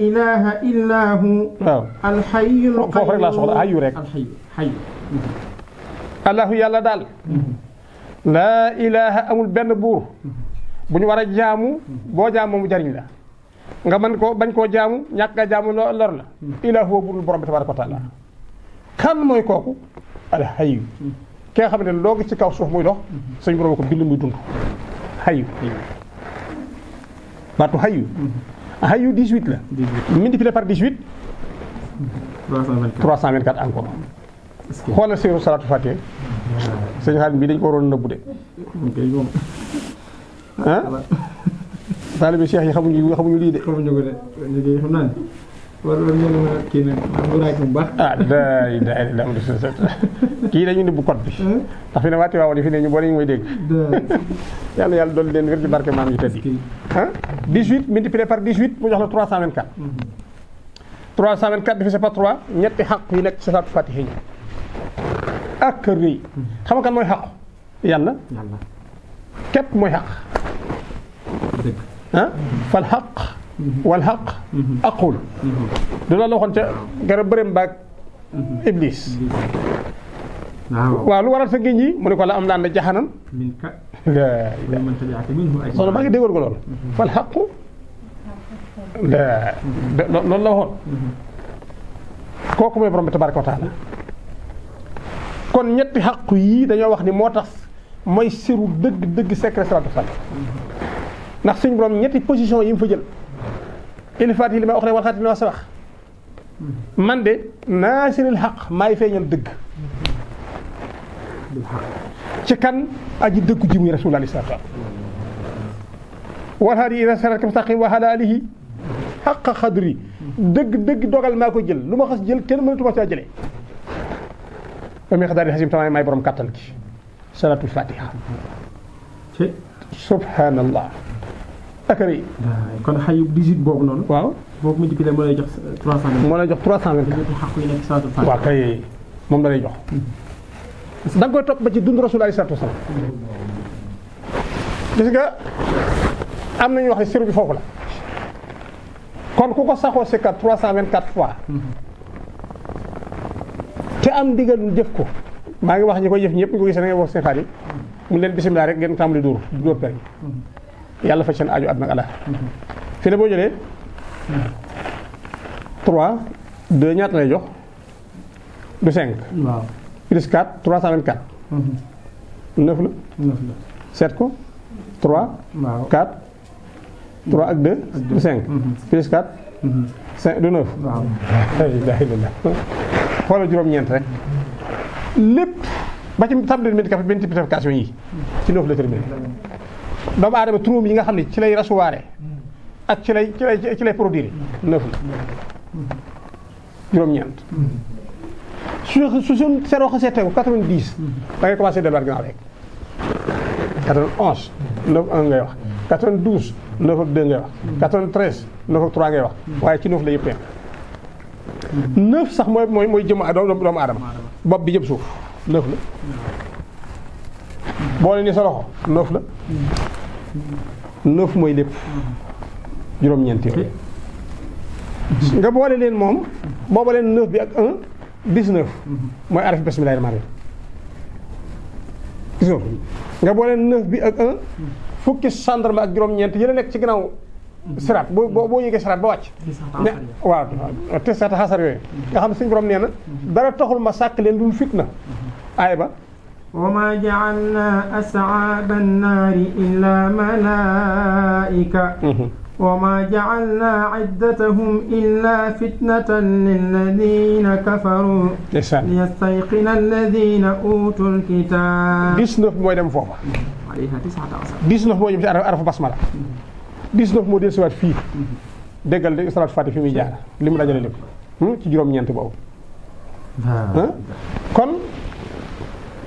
Speaker 2: إله إلا هو الحي القيوم الحي
Speaker 3: الحي الله يلا دال لا إله أم البن بور بني ورا جامو بو جامو مجرين لا nga mën koo bañ koo jaamu ñàkk a jaamu lor la hmm. ilaa huwa budul borom bi tabaraka wa taala hmm. kan mooy kooku alxayu hmm. ki nga xam ne loo gis ci kaw suuf muy dox suñ borom ko bind muy dund xayu baatu xayu xayu 18 la multiplié par 18 324 encore xoolal séeru salaatu fàtte sëñ xaalis bii dañ ko waroon nëbbu de ah taalibe cheikh yi xamuñu xamuñu lii de. xamuñu ko de léegi xam naa ne war nañu mën a kii nag bu raaj bu baax. ah daay daay daam du set kii dañu ne bu code bi. Hmm? ndax fi ne waati waawoon fi ne ñu bari ñu may dégg. yàlla yàlla doon leen wér di barke maam yu tedd yi. ah 18 multiplié par 18 mu jox la 324. 324 hmm. divisé par 3 ñetti xaq yi nekk ci salaatu fatiha ñu ak kër yi. Hmm. xam nga kan mooy xaq yàlla. yàlla képp mooy xaq. dëgg. ah fal xaq wal xaq aqul du loolu la waxoon ca garab bërëm baag iblis waaw lu waral sa géej gi mu ne ko la am naan na jaxanam soxna maa ngi déggoon ko loolu fal xaqu loolu la waxoon kooku mooy borom bi tabaraka wa kon ñetti xaq yii dañoo wax ni moo tax mooy siru dëgg dëgg secret salaatu sal ndax suñu borom ñetti position yi mu fa jël il fatihi li ma wax ne wal xaatimi li ma sabax man de naasiril xaq maay feeñal dëgg ci kan aji dëkku ji muy rasul alei salatu salam wal hadi ila siraatika xaqa xadri dëgg dëgg dogal maa ko jël lu ma xas jël kenn mënatu ma saa jëlee ba muy xadaari xasim tamaay maay borom kàttan gi salatul fatiha subhanallah ak kon xayub 18 boobu noonu. waaw boobu mujj bi la moo lay jox 300. moo lay jox 324. waaw kay moom la lay jox. Hmm. danga nga koy topp ba ci dund rasul alayhi salaatu wasalaam gis nga am nañu wax ne siru bi foofu la kon ku ko saxoo sikkat 324 fois hmm. te am digal lu jëf ko maa ngi wax ñi koy jëf ñëpp ñu ko gis ne nga wax seen xarit hmm. mu leen bisimilah rek ngeen tàmbali duur duur per yàlla faj seen aju àdduna ak fi ne boo jëlee mhm. la. 9 la seet ko 3. waaw 4 3 ak mhm. mhm. juróom-ñeent rek lépp ba ci table de médication benn typification yi ci 9 la terminé. doomu aadama turam yi nga xam ne ci lay recevoir ak ci lay ci lay ci lay produire la juróom-ñeent su su suñ seeroo xasee tegu quatre vingt ngay wax quatre-vingt-douze neuf ngay wax ngay wax waaye ci neuf la yëpp yem neuf sax mooy mooy mooy jëm doomu bopp bi jëm suuf neuf la boo ne ni sa loxo la neuf mooy lépp juróom-ñeent yooyu nga boole leen moom booba leen neuf bi ak un mooy araf bismillahi rahmaani rahiim nga boole leen neuf bi ak un fukki gendarme ak juróom-ñeent yële nekk ci ginnaaw siraat boo boo boo yëgee siraat ba wàcc. ne waaw te saata xasar yooyu. nga xam si suñu borom nee na dara taxul ma sàkk leen lu na
Speaker 2: aay ba. وما جعلنا أصحاب النار إلا ملائكة وما جعلنا عدتهم إلا فتنة للذين كفروا نعم. ليستيقن الذين أوتوا الكتاب
Speaker 3: ديسنوف موي دم فوفا عليها تسعة أصحاب ديسنوف موي عرف بسملة ديسنوف مو دي سوات في دغال دي صلاه فاتي في مي جار لي مو داجال لب ci juroom ñent ها كون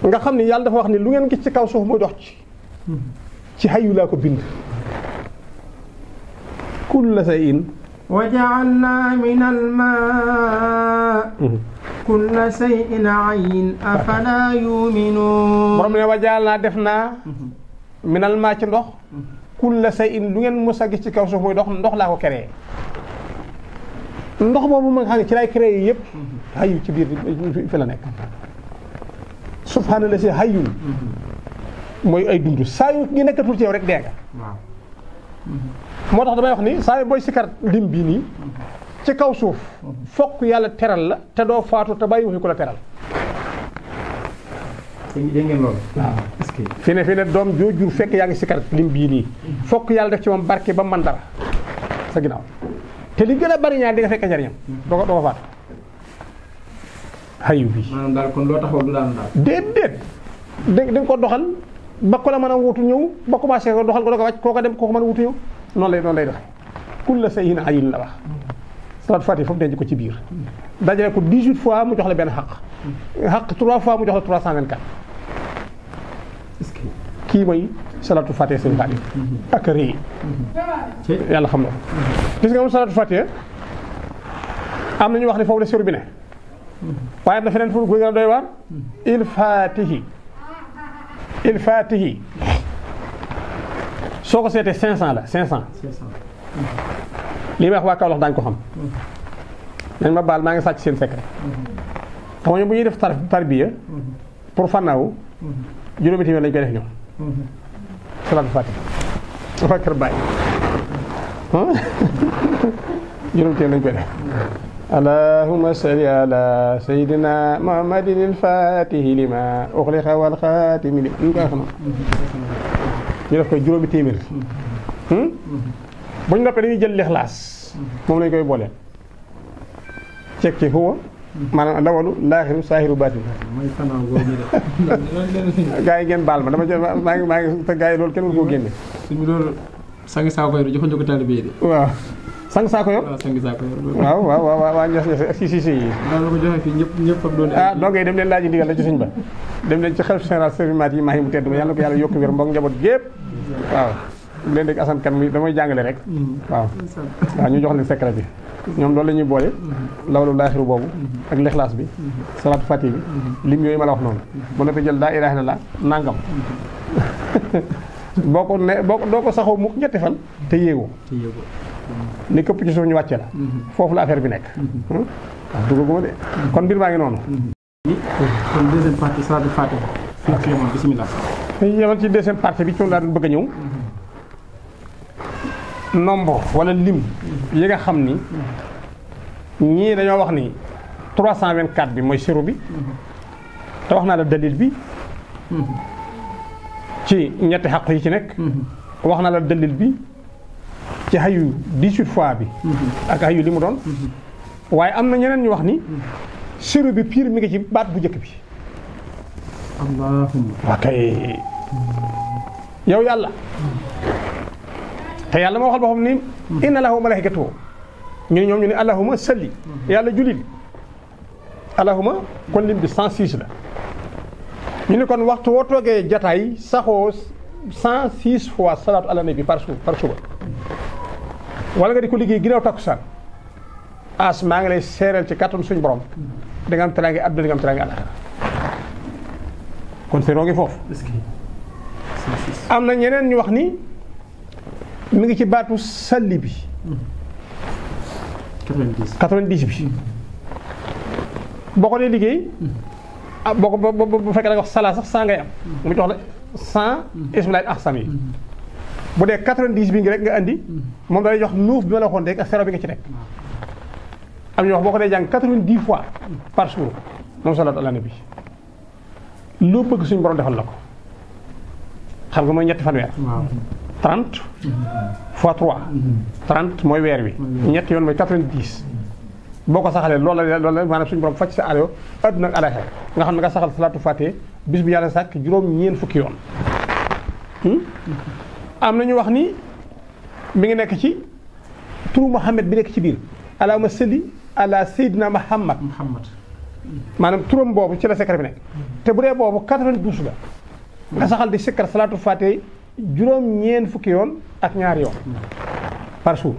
Speaker 3: nga xam ni yàlla dafa wax ni lu ngeen gis ci kaw suuf muy dox ci ci xayu laa ko bind kulla sayin
Speaker 2: وجعلنا من الماء كل شيء عين افلا يؤمنون برام ne وجعلنا
Speaker 3: دفنا من الماء ci ndox كل شيء lu ngeen musa gis ci kaw suuf muy dox ndox laa ko créé ndox boobu ma nga xam ne ci lay créé yépp ayu ci biir fi la nekk subhanallahi si hayyun moy ay dundu saa yu nekatul ci yow rek deega motax moo damay wax ni saa boy sikar lim bi ni ci kaw suuf fokk yalla teral la te do faatu te bàyyi waxi ko la teral fi ne fi ne dom joo jur fekk yaangi sikar lim bi ni fokk yalla def ci mom barke ba man dara sa ginaaw te li gëna bari ñaar di nga fekk njariñam mm-hmm. do ko do faatu xayu bi. maanaam daal kon loo taxaw du daanu daal. déedéet dañ ko doxal ba ko la mën a wutu ñëw ba commencé ko doxal ko doog a wàcc ko dem koo ko mën a wutu ñëw noonu lay noonu lay doxee. kulla shay'in ayin la wax. salaat Fatiha foofu denc ko ci biir. dajale ko 18 fois mu jox la benn xaq. xaq 3 fois mu jox la 324. est-ce que kii mooy salaatu Fatiha seen Fatiha. Mhm. ak rëy. yàlla xam na ko. gis nga moom salaatu Fatiha am na ñu wax ne foofu la sër bi ne. waaye am na feneen fu mu gën a doy waar il fatihi il fatihi soo ko seetee 500 la 500. lii may wax waa Kaolack daañu ko xam. nañ ma baal maa ngi sàcc seen secret. xam nga bu ñuy def tar tarbiya pour fannaaw. juróomi téeméer lañ koy def ñoom. salaatul fatihi. dafa kër bàyyi. juróomi téeméer lañ koy def. اللهم صل على سيدنا محمد الفاتح لما أغلق والخاتم لما ñu koy xanaa ñu def koy juróomi téeméer hmm? bu ñu noppee dañuy jël lixlaas moom lañ koy boole ceeg ci huwa maanaam lawalu laaxiru saahiru baatin gaa yi ngeen baal ma dama jël maa gi maa ngi te gaa yi loolu kenn war koo génne suñu loolu
Speaker 2: sangi saa koy joxuñu ko taalibe de waaw sang saako yor waaw
Speaker 3: waaw waaw waaw ños ños ak si si si yi ah doo ngay eh, dem leen laaji ndigal la ci suñ ba dem leen ci xel général servimat yi maa ngi mu tedd ba yàlla na ko yàlla yokk wér mbokk njaboot gépp waaw bu leen dégg asan kan mi damay jàngale rek mm-hmm. waaw waaw ñu jox leen secret bi ñoom loolu la ñuy boole mm-hmm. lawlu laaxiru boobu mm-hmm. ak lexlaas bi salaatu fati bi lim yooyu ma la wax noonu ba noppi jël daa ilaaha illallaa nangam boo ko ne boo doo ko saxoo mukk ñetti fan te yéegoo li këpp ci suuf ñu wàcce la mm-hmm. foofu la affaire bi nekk waaw mm-hmm. hmm? ah, duggaguma de mm-hmm. kon mbir maa ngi noonu kon deuxième partie ah. salaatul faatiha ci deuxième partie bi ci laa doon bëgg a ñëw nombre wala lim yi nga xam ni ñi dañoo wax ni trois vingt 324 bi mooy siru bi te wax naa la dalil bi ci ñetti xaq yi ci nekk wax naa la dalil bi ci xayu 18 fois bi. Mm-hmm. ak xayu li mu doon. Mm-hmm. waaye am na ñeneen ñu wax ni. Mm-hmm. sero bi pire mi ngi ci baat bu jëkk bi. allahumma yàlla. te yàlla moo waxal boppam ni. inna lahu malaikatu ñu ne ñoom ñu ne allahuma salli. yàlla julil. allahuma kon lim bi 106 la. ñu ne kon waxtu woo toogee jataay saxoo 106 fois salaatu ala nabi par par suba. wala nga di ko liggéey ginnaaw takkusaan as maa ngi lay seeral ci kàttan suñu borom da nga am teraange àdduna da nga am teraange àllaxira kon seeroo ngi foofu. am na ñeneen ñu wax ni mu ngi ci baatu salli bi. 90 90 bi. boo ko dee liggéey. ah boo ko bu fekkee da nga wax salaa sax 100 ngay am. mu jox la 100. ak sam yi. bu dee 90 bi rek nga andi moom dalay jox nuuf bi ma la waxoon rek ak sero bi nga ci rek am ñu wax boo ko dee jàng 90 fois par jour moom salaatu ala nabi loo bëgg suñu borom defal la ko xam nga mooy ñetti fanweer 30 fois 3 30 mooy weer wi ñetti yoon mooy 90 boo ko saxalee loolu la loolu la maanaam suñu borom faj sa aajo àdduna ak alaxer nga xam nga saxal salaatu fàtte bis bu yàlla sàkk juróom ñeen fukki yoon hmm? am nañu wax ni mi ngi nekk ci turu Muhammad bi nekk ci biir allahumma salli ala sayyidina Muhammad Muhammad manam turam bobu ci la secret bi nek te bu dee boobu 92 la nga saxal di secret salatu fatih juróom ñeen fukki yoon ak ñaar yoon par jour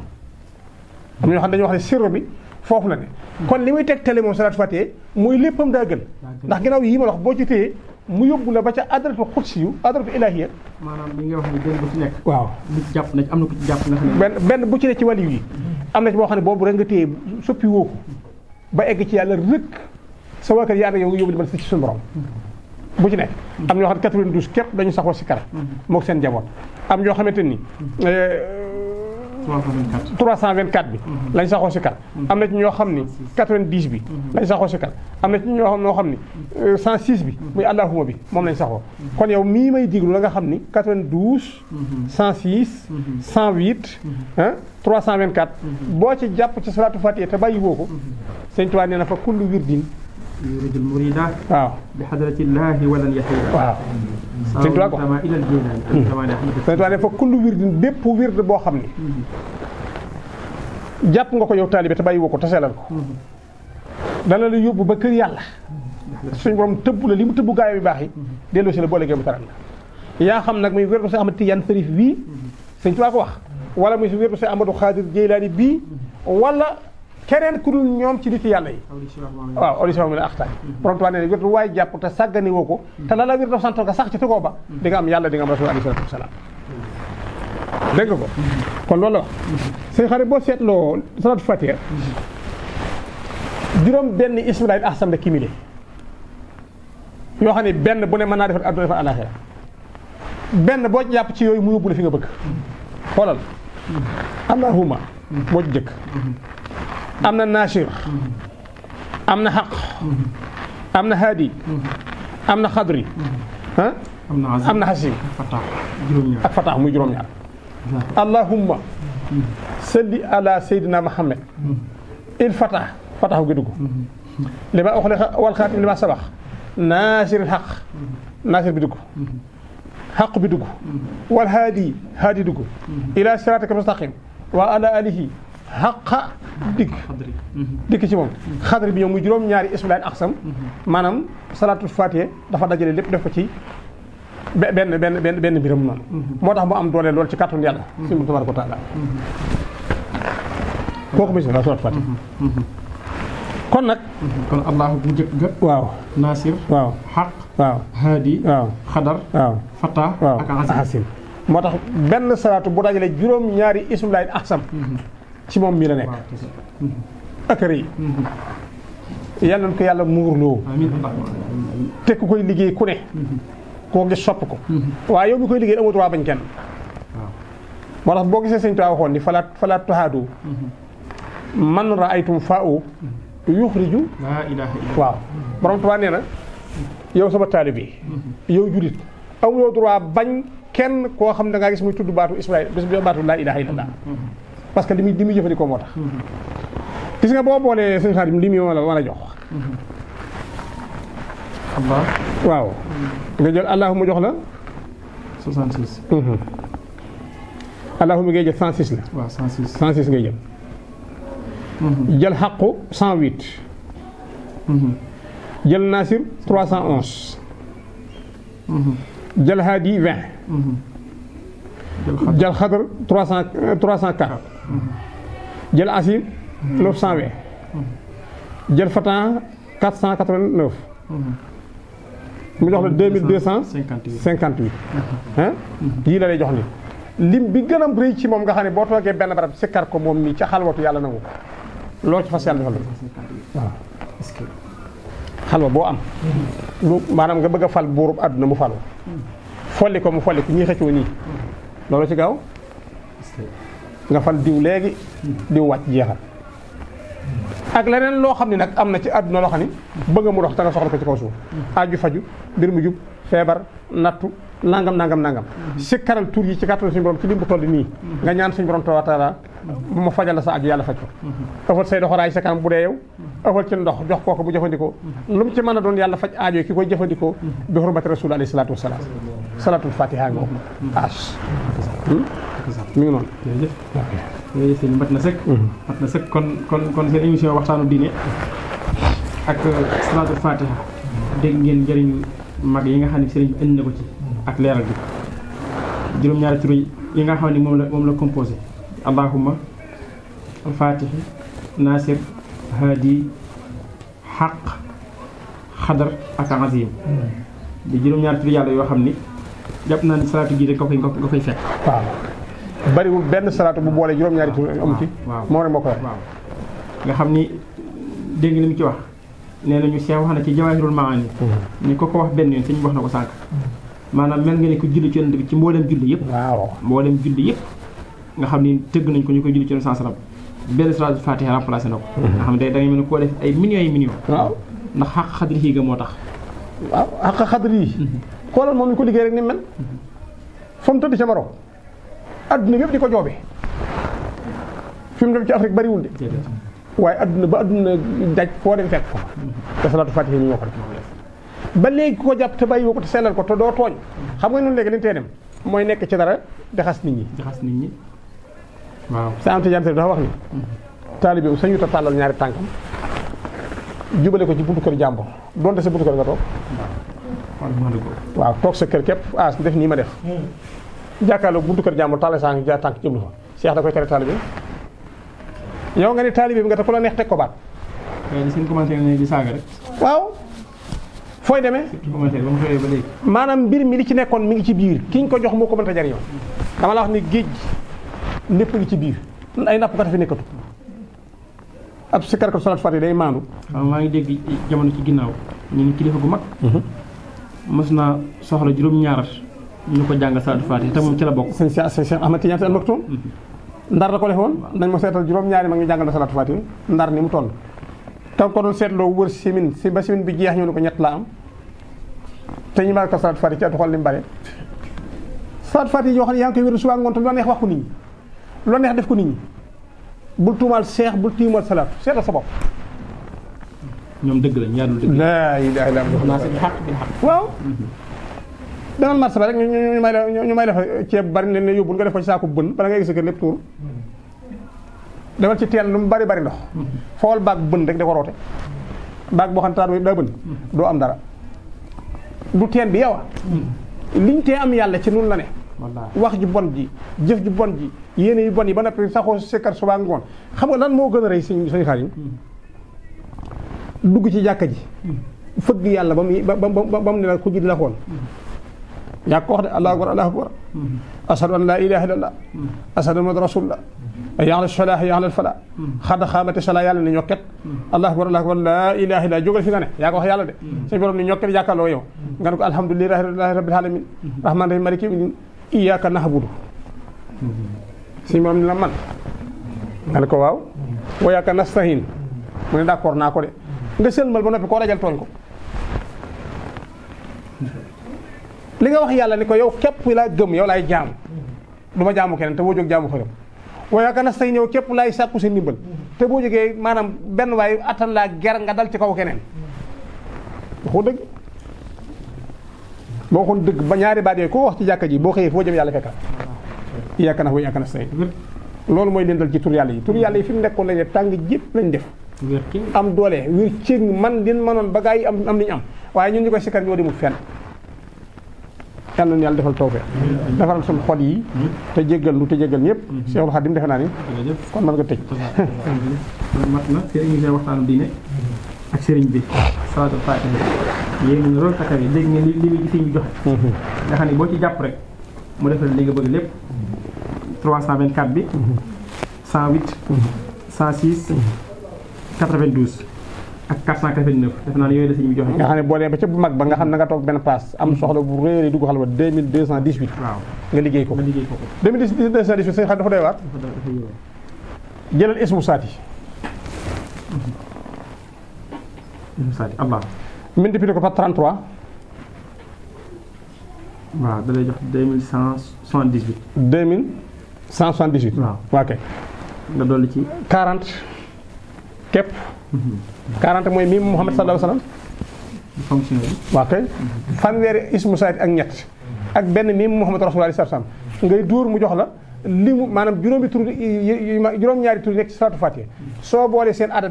Speaker 3: am ñoo xam dañu wax ne sirru bi fofu la ne kon limuy tek télé mom salatu fatih muy léppam da gën ndax ginaaw yi ma wax bo ci téye mu yóbbu la ba ca adratu xudsi yu adratu ilahiya
Speaker 2: maanaam li benn bu ci nekk ci jàpp na am na ku ci benn
Speaker 3: benn bu ci ne ci wàllu yi am na ci boo xam ne boobu rek nga téye soppi ba egg ci yàlla rëkk sa waa kër yaa yow yóbbu ba ci suñu borom bu ci nekk am ñoo xam ne 92 képp dañu saxoo si kar mm-hmm. moog seen jaboot am ñoo xamante ni mm-hmm. eh, 324 324 bi. Mhm. lañ saxoo si kar mhm. am na ci ñoo xam ni 90 bi. Mhm. lañ saxoo si kar am na ci ñoo ñoo xam ni 106 euh, bi. muy allahuma bi moom lañ saxoo. kon yow mii may diglu la nga xam ni 92. trois 108. ah 324. boo ci jàpp ci salaatu fatiha te bàyyi woo ko. sëñ Tuubaa nee na fa kullu wirdin يريد المريدة آه. بحضرة الله ولن يحيد سنت لاكو كما الى الجنان كما نحن فتعرف كل ورد بيب ورد بو خامني جاب نكو يو طالب تباي وكو تسالال كو دا لا يوب با كير يالا سيني بروم تيب لا ليمو تيب غاوي باخي ديلو سي بولي غيم تران يا خام نك مي ورد سي احمد تيان فريف وي سنت لاكو واخ ولا مي ورد سي احمد خادر جيلاني بي ولا keneen ku dul ñoom ci nit yàlla yi waaw audition mu ne axtaay borom tubaab nee na wirdu waay jàpp te sàggani woo ko hmm. te la la wirdu sant nga sax ci tugoo ba hmm. di nga am yàlla di am rasul alayhi salaatu wasalaam ko hmm. kon loolu la wax sëñ boo seetloo salaatu fatiha juróom benn ismilaay ahsam la kimile yoo xam ne benn bu ne mën naa defar adduna boo jàpp ci yooyu mu fi nga bëgg xoolal allahuma moo jëkk امنا الناشر امنا حق امنا هادي امنا خضري ها
Speaker 2: امنا حسين
Speaker 3: الفتاح مجرم يا اللهم صل على سيدنا محمد الفتح فتحو غدغو لما اخلي والخاتم لما سبق ناشر الحق ناشر بدغو حق بدغو والهادي هادي دغو الى صراطك المستقيم وعلى اله هاكا ديك ديك شيمون خضر بيو مو جوم نياري اسم لاي اقسم مانام صلاه الفاتحه دا فا داجي ليپ دافا تي بن بن بن بن بيرم نون موتاخ مو ام دولي لول سي كارتون يالا سي تبارك وتعالى كوك ميسي صلاه الفاتحه كون نك كون الله بو جيك جا واو ناصر واو حق واو هادي واو خضر واو فتاح واو اك حسين موتاخ بن صلاه بو داجي ليپ جوم نياري اسم لاي اقسم ci moom mi la nekk ak rëy mm-hmm. mm-hmm. yàlla na ko yàlla muurloo te ku liggéey ku ne mm-hmm. koo gis sopp ko waaye yow mi koy liggéey amoo droit bañ kenn moo tax boo gisee sëñ Tuubaa waxoon ni falaat falaat tuhaadu man raaytum fa'u yuxriju waaw borom Tuubaa nee na yow sama taalib bi yow julit amuloo droit bañ kenn koo xam da ngaa gis muy tudd baatu Ismaïl bis bi baatu laa ilaaha illallah parce que li muy li muy jëfandikoo moo tax. gis nga boo boolee sëñ Xaadim li muy wala wala jox. waaw. nga jël allahuma jox la. 66. allahuma ngay jël 106 la. waaw 106 106 ngay jël. Mhm. jël xaqu 108. Mhm. jël naasir 311. Mhm. jël haadi 20. jël xadar trois xadar 300 jël Asib 920. jël Fatan 489. mu jox la 2258. ah yii la lay jox ni lim bi gën a rëy ci moom nga xam ne boo toogee benn barab sikkar ko moom nii ca xalwatu yàlla nangu ko loolu ci fas yàlla defal la waaw. xalwa boo am. maanaam nga bëgg a fal buurub àdduna mu falu. folli ko mu folli ko ñii xëccoo nii. loolu ci gaaw. nga fal diw léegi diw wàcc jeexal ak leneen loo xam ne nag am na ci àdduna loo xam ne bëgg mu dox te nga soxla ko ci kaw suuf aju faju mbir mu jub feebar nattu nangam nangam nangam si karal tur yi ci kàttan suñu borom ci lim bu toll nii nga ñaan suñu borom tawa taala mu fajal la sa aju yàlla faj ko ëffal say doxaraay sa kanam bu dee yow ëffal ci ndox jox kooku bu jëfandikoo lu mu ci mën a doon yàlla faj aajo ki koy jëfandikoo bi hurmati rasul alayhi salaatu wasalaam salaatul fatiha nga
Speaker 2: mi ngi noonu jërëjëf jërëjëf sëñ mat na kon kon kon seen émission waxtaanu diine ak salaatul fatiha dégg ngeen njëriñu mag yi nga xam ne sëriñ bi indi na ko ci ak leeral bi juróom-ñaari tur nasir hadi xaq xadar ak azim di juróom-ñaari tur yàlla yoo xam ni jàpp naa ne salaatu de nga koy nga koy fekk bariwul benn salaatu bu boole juróom-ñaari tur amu ci. moom rek moo ko nga xam ni dégg li mu ci wax nee nañu seex wax na ci jawaahirul maani mm-hmm. ni ko ko wax benn yoon sëñ wax na ko sànq. maanaam mel nga ne ko julli ci yonent bi ci mboolem julli yëpp. waaw mboolem julli yëpp. nga xam ni tëgg nañ ko ñu koy julli ci yonent sans salaam benn salaatu fatiha remplacé na ko. Mm-hmm. nga xam ne da ngay mel ni koo def ay millions yi millions. waaw ndax xaq xadri yi moo tax. waaw xaq
Speaker 3: xadri yi. Mm-hmm. xoolal ko liggéey rek ni mel. fa mu tëdd ca adduna bi yëpp di ko joobe fi mu dem ci Afrique bariwul de waaye àdduna ba àdduna daj foo dem fekk ko te salaatu fatiha ñu ñoo ko def ba léegi ko jàpp te bàyyi ko te sellal ko te doo tooñ xam nga noonu léegi li tee dem mooy nekk ci dara jaxas nit ñi jaxas nit ñi waaw sa am tijaan wax ni taalibe bi tàllal ñaari tànkam jubale ko ci buntu kër jàmbur donte sa buntu kër nga toog waaw toog sa kër képp ah def nii ma def hmm. jàkkaarloog buntu kër jàmbur talé sang ja tank tànk jublu fa seex da koy téré talibé yow nga ni talibé bi nga ta ko la neex teg ko baat.
Speaker 2: waaye suñ commenté nañ di saaga rek. waaw fooy demee.
Speaker 3: manam mbir mi li ci nekkoon mi ngi ci biir kiñ ko jox moko ko mënta jariñoo dama la wax ni géej nepp ngi ci biir ay ko ta fi nekkatu. ab si ko
Speaker 2: salat faat day manu ma ngi dégg jamono ci ginnaw ñu kilifa gu mag. mos mhm. naa soxla juróom-ñaarat ñu ko jàng salatu fatiha te moom ci la bokk sëñ cheikh cheikh ahmad
Speaker 3: tidiane al maktoum mm-hmm. ndar la ko defoon dañ ma seetal juróom ñaari mag ñu jàngal salatu fatiha ndar ni mu toll te ko doon seetloo wër simin si ba simin bi jeex ñu ko ñett la am te ñu ma ko salatu fatiha ci at xol lim bare salatu fatiha yoo xam ne yaa ngi koy wéru neex wax ko nit ñi neex def ko nit ñi bul cheikh bul tiimal salatu seetal sa bopp ñoom dëgg la ñaar lu dëgg la ilaha illallah waaw mm-hmm. demal marché ba rek ñu ñu may la ñu may la fa ceeb bari leen ne yóbbul nga def ko ci saako bën bala nga egg sa kër tuur demal ci teen lu mu bari bari ndox fool baag bën rek da ko roote baag boo xam taat daa doo am dara du bi yow liñ tee yàlla ci nun la ne wax ju bon ji jëf bon ji yéene yu yi ba noppi saxoo ngoon xam nga lan moo gën a rey suñu suñ dugg ci jàkka ji hmm. fëgg yàlla ba mu ba mu ne ku ji di la xoon hmm. yaa ko wax de allahu akbar allahu akbar ashadu an laa ilaha illa allah ashadu an muhammad rasulullah yaa la falaax yaa la falaax xadda xaamati sala yàlla ni ñokket allahu akbar allahu akbar laa ilaha illa jógal fi nga ne yaa ko wax yàlla de suñu borom ni ñokket yaakaarloo yow nga ne ko alhamdulilahi rabbil alamin rahman rahim maliki iyyaka nahbudu suñu borom ni la man nga ne ko waaw wa iyyaka nastahin mu ne d'accord naa ko de nga sëlmal ba noppi koo rajal tooñ ko li nga wax yàlla ni ko yow képp laa gëm yow laay jaam du ma jaamu keneen te boo jóg jaamu xërëm waaye kana say ñëw képp laay sàkku sa ndimbal te boo jógee maanaam benn waaye attan laa nga dal ci kaw keneen waxu dëgg boo dëgg ba ñaari baat yooyu wax ci jàkka ji boo xëyee foo jëm yàlla fekka yaakaar naa wa yaakaar naa mooy leen dal ci yi tur yàlla yi fi mu nekkoon lañ tàng jëpp lañ def am doole man din manoon ba yi am am li ñu am waaye ñun ñu koy sikkar ñoo demul fen yàlla na yàlla defal tawfeex defaral suñu xol yi te jéggal nu te jéggal ñëpp Seexul Xadim defe naa ni kon mën nga tëj mat na seen émission
Speaker 2: waxtaanu diine ak sëriñ bi salaatu faatiha yéen ñu rool takkar yi dégg ngeen li li ci ñu joxe nga xam ne boo ci jàpp rek mu defal li nga bëgg lépp 324 bi 108 106 92 ak 489 defe naa ne yooyu la sëñ bi joxe. nga xam
Speaker 3: ne boo demee ba ca bu mag ba nga xam ne nga toog benn place am hmm. soxla bu réer yi dugg xalwa 2218. waaw nga liggéey ko. nga liggéey ko 2218 sëñ xam dafa doy waar. jëlal ismu saati. Hmm. ismu saati Allah. multiplié ko par 33.
Speaker 2: waaw da lay jox 2178. 2178.
Speaker 3: ci. 40. képp. 40 mooy mii Muhammad sallallahu alayhi wa sallam. waaw kay fanweeri ismu sayti ak ñett. ak benn mii Muhammad rasulullah sallallahu alayhi wa sallam ngay dóor mu jox la li maanaam juróomi tur juróom-ñaari tur nekk ci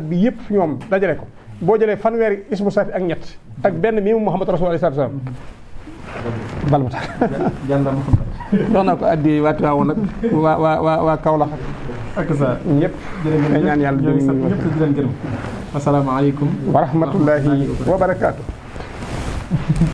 Speaker 3: bi yëpp ñoom dajale ko boo jëlee fanweeri ismu ak ñett ak benn mii Muhammad rasulullah sallallahu alayhi ma tax jàll naa ko addi waati waawoon waa waa waa السلام عليكم ورحمه الله وبركاته